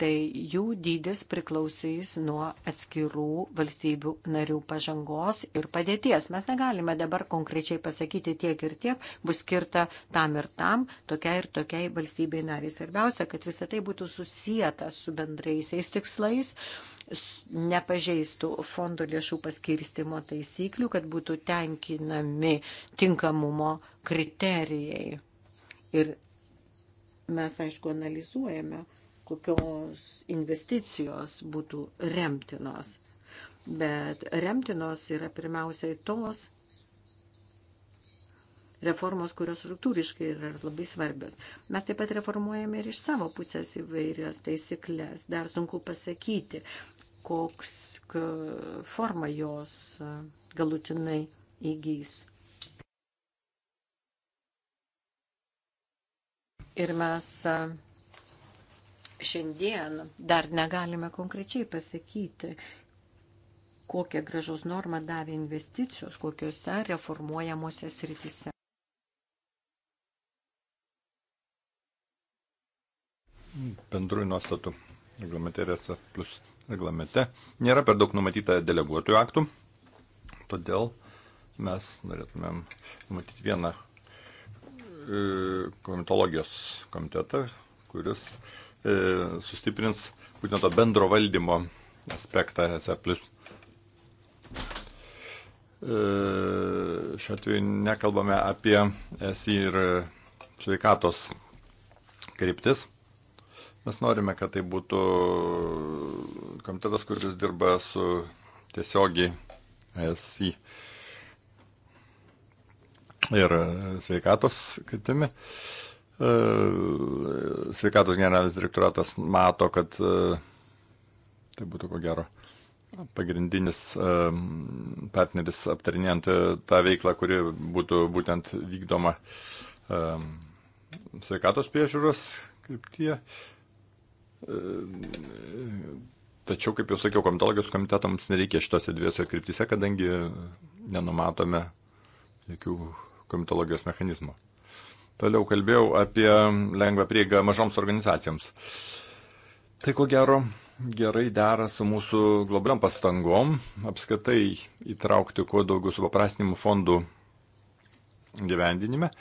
tai jų dydis priklausys nuo atskirų valstybių narių pažangos ir padėties. Mes negalime dabar konkrečiai pasakyti tiek ir tiek, bus skirta tam ir tam, tokiai ir tokiai valstybei nariai. Svarbiausia, kad visa tai būtų susijęta su bendraisiais tikslais, nepažeistų fondo lėšų paskirstimo taisyklių, kad būtų tenkinami tinkamumo kriterijai. Ir mes, aišku, analizuojame kokios investicijos būtų remtinos. Bet remtinos yra pirmiausiai tos reformos, kurios struktūriškai yra labai svarbios. Mes taip pat reformuojame ir iš savo pusės įvairios taisyklės. Dar sunku pasakyti, koks forma jos galutinai įgys. Ir mes šiandien dar negalime konkrečiai pasakyti, kokią gražos normą davė investicijos, kokiuose reformuojamuose srityse. Bendrųjų nuostatų reglamente RSF plus reglamente nėra per daug numatyta deleguotojų aktų, todėl mes norėtumėm numatyti vieną e, komitologijos komitetą, kuris uh, E, sustiprins būtent to bendro valdymo aspektą ECR. E, šiuo atveju nekalbame apie SI ir sveikatos kryptis. Mes norime, kad tai būtų komitetas, kuris dirba su tiesiogiai SI ir sveikatos kryptimi. E, E, sveikatos generalinis direktoratas mato, kad e, tai būtų ko gero pagrindinis e, partneris aptarinėjant tą veiklą, kuri būtų būtent vykdoma sveikatos priežiūros kryptie. Tačiau, kaip jau sakiau, komitologijos komitetams nereikia šitose dviese kryptise, kadangi nenumatome jokių komitologijos mechanizmų. Toliau kalbėjau apie lengvą prieigą mažoms organizacijoms. Tai ko gero gerai dera su mūsų globaliam pastangom apskaitai įtraukti kuo daugiau supaprastinimų fondų gyvendinime.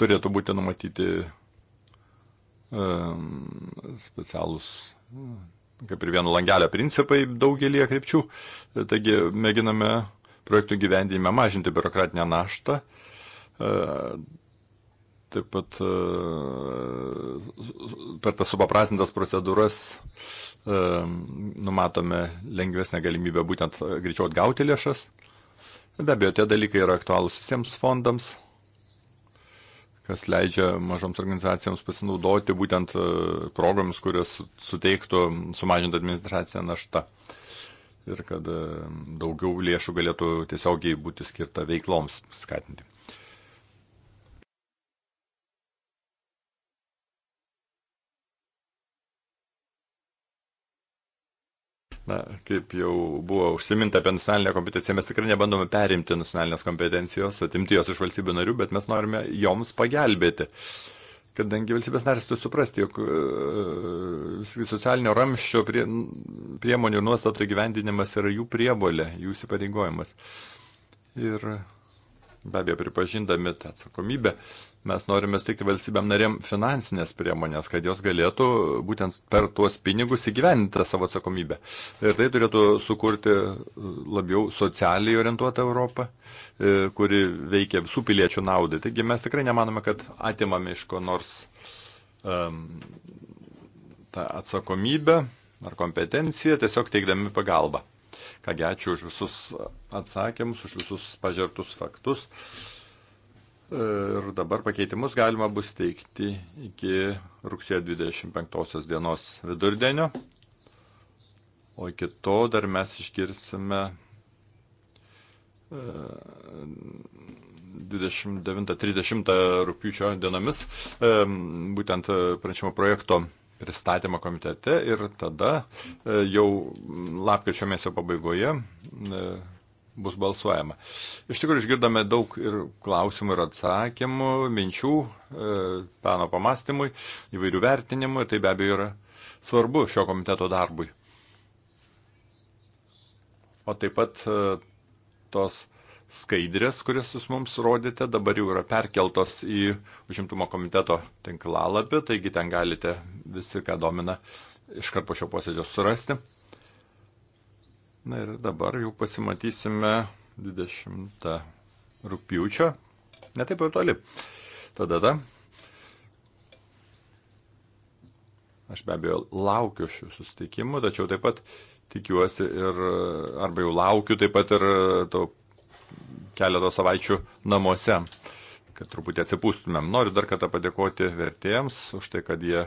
Turėtų būti numatyti specialus, kaip ir vieno langelio principai daugelį krypčių. Taigi mėginame projektų gyvendinime, mažinti biurokratinę naštą, e, taip pat e, per tas supaprasintas procedūras e, numatome lengvesnę galimybę būtent greičiau atgauti lėšas. Be abejo, tie dalykai yra aktualūs visiems fondams, kas leidžia mažoms organizacijoms pasinaudoti būtent programomis, kurios suteiktų sumažintą administracinę naštą ir kad daugiau lėšų galėtų tiesiogiai būti skirta veikloms skatinti. Na, kaip jau buvo užsiminta apie nacionalinę kompetenciją, mes tikrai nebandome perimti nacionalinės kompetencijos, atimti jos iš valstybių narių, bet mes norime joms pagelbėti. Uh, kadangi valstybės narės turi suprasti, jog e, socialinio ramščio prie, priemonių nuostatų įgyvendinimas yra jų prievolė, jų įsipareigojimas. Ir Be abejo, pripažindami tą atsakomybę, mes norime steigti valstybėm narėm finansinės priemonės, kad jos galėtų būtent per tuos pinigus įgyveninti tą savo atsakomybę. Ir tai turėtų sukurti labiau socialiai orientuotą Europą, e, kuri veikia visų piliečių naudai. Taigi mes tikrai nemanome, kad atimame iš ko nors um, tą atsakomybę ar kompetenciją, tiesiog teikdami pagalbą. Kągi, ačiū už visus atsakymus, už visus pažertus faktus. Ir dabar pakeitimus galima bus teikti iki rugsėjo 25 dienos vidurdienio. O iki to dar mes išgirsime 29-30 e, rūpiučio dienomis e, būtent pranešimo projekto pristatymą komitete ir tada e, jau lapkričio mėnesio pabaigoje e, bus balsuojama. Iš tikrųjų išgirdome daug ir klausimų, ir atsakymų, minčių, e, peno pamastymui, įvairių vertinimų ir tai be abejo yra svarbu šio komiteto darbui. O taip pat tos skaidrės, kurias jūs mums rodėte, dabar jau yra perkeltos į užimtumo komiteto tinklalapį, taigi ten galite visi, ką domina, iškart po šio posėdžio surasti. Na ir dabar jau pasimatysime 20 rūpiučio, netaip jau toli. Tada tada. Aš be abejo laukiu šių susitikimų, tačiau taip pat tikiuosi ir arba jau laukiu taip pat ir to keleto savaičių namuose, kad truputį atsipūstumėm. Noriu dar kartą padėkoti vertėjams už tai, kad jie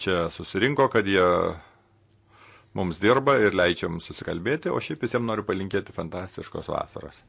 čia susirinko, kad jie mums dirba ir leidžia mums susikalbėti, o šiaip visiems noriu palinkėti fantastiškos vasaros.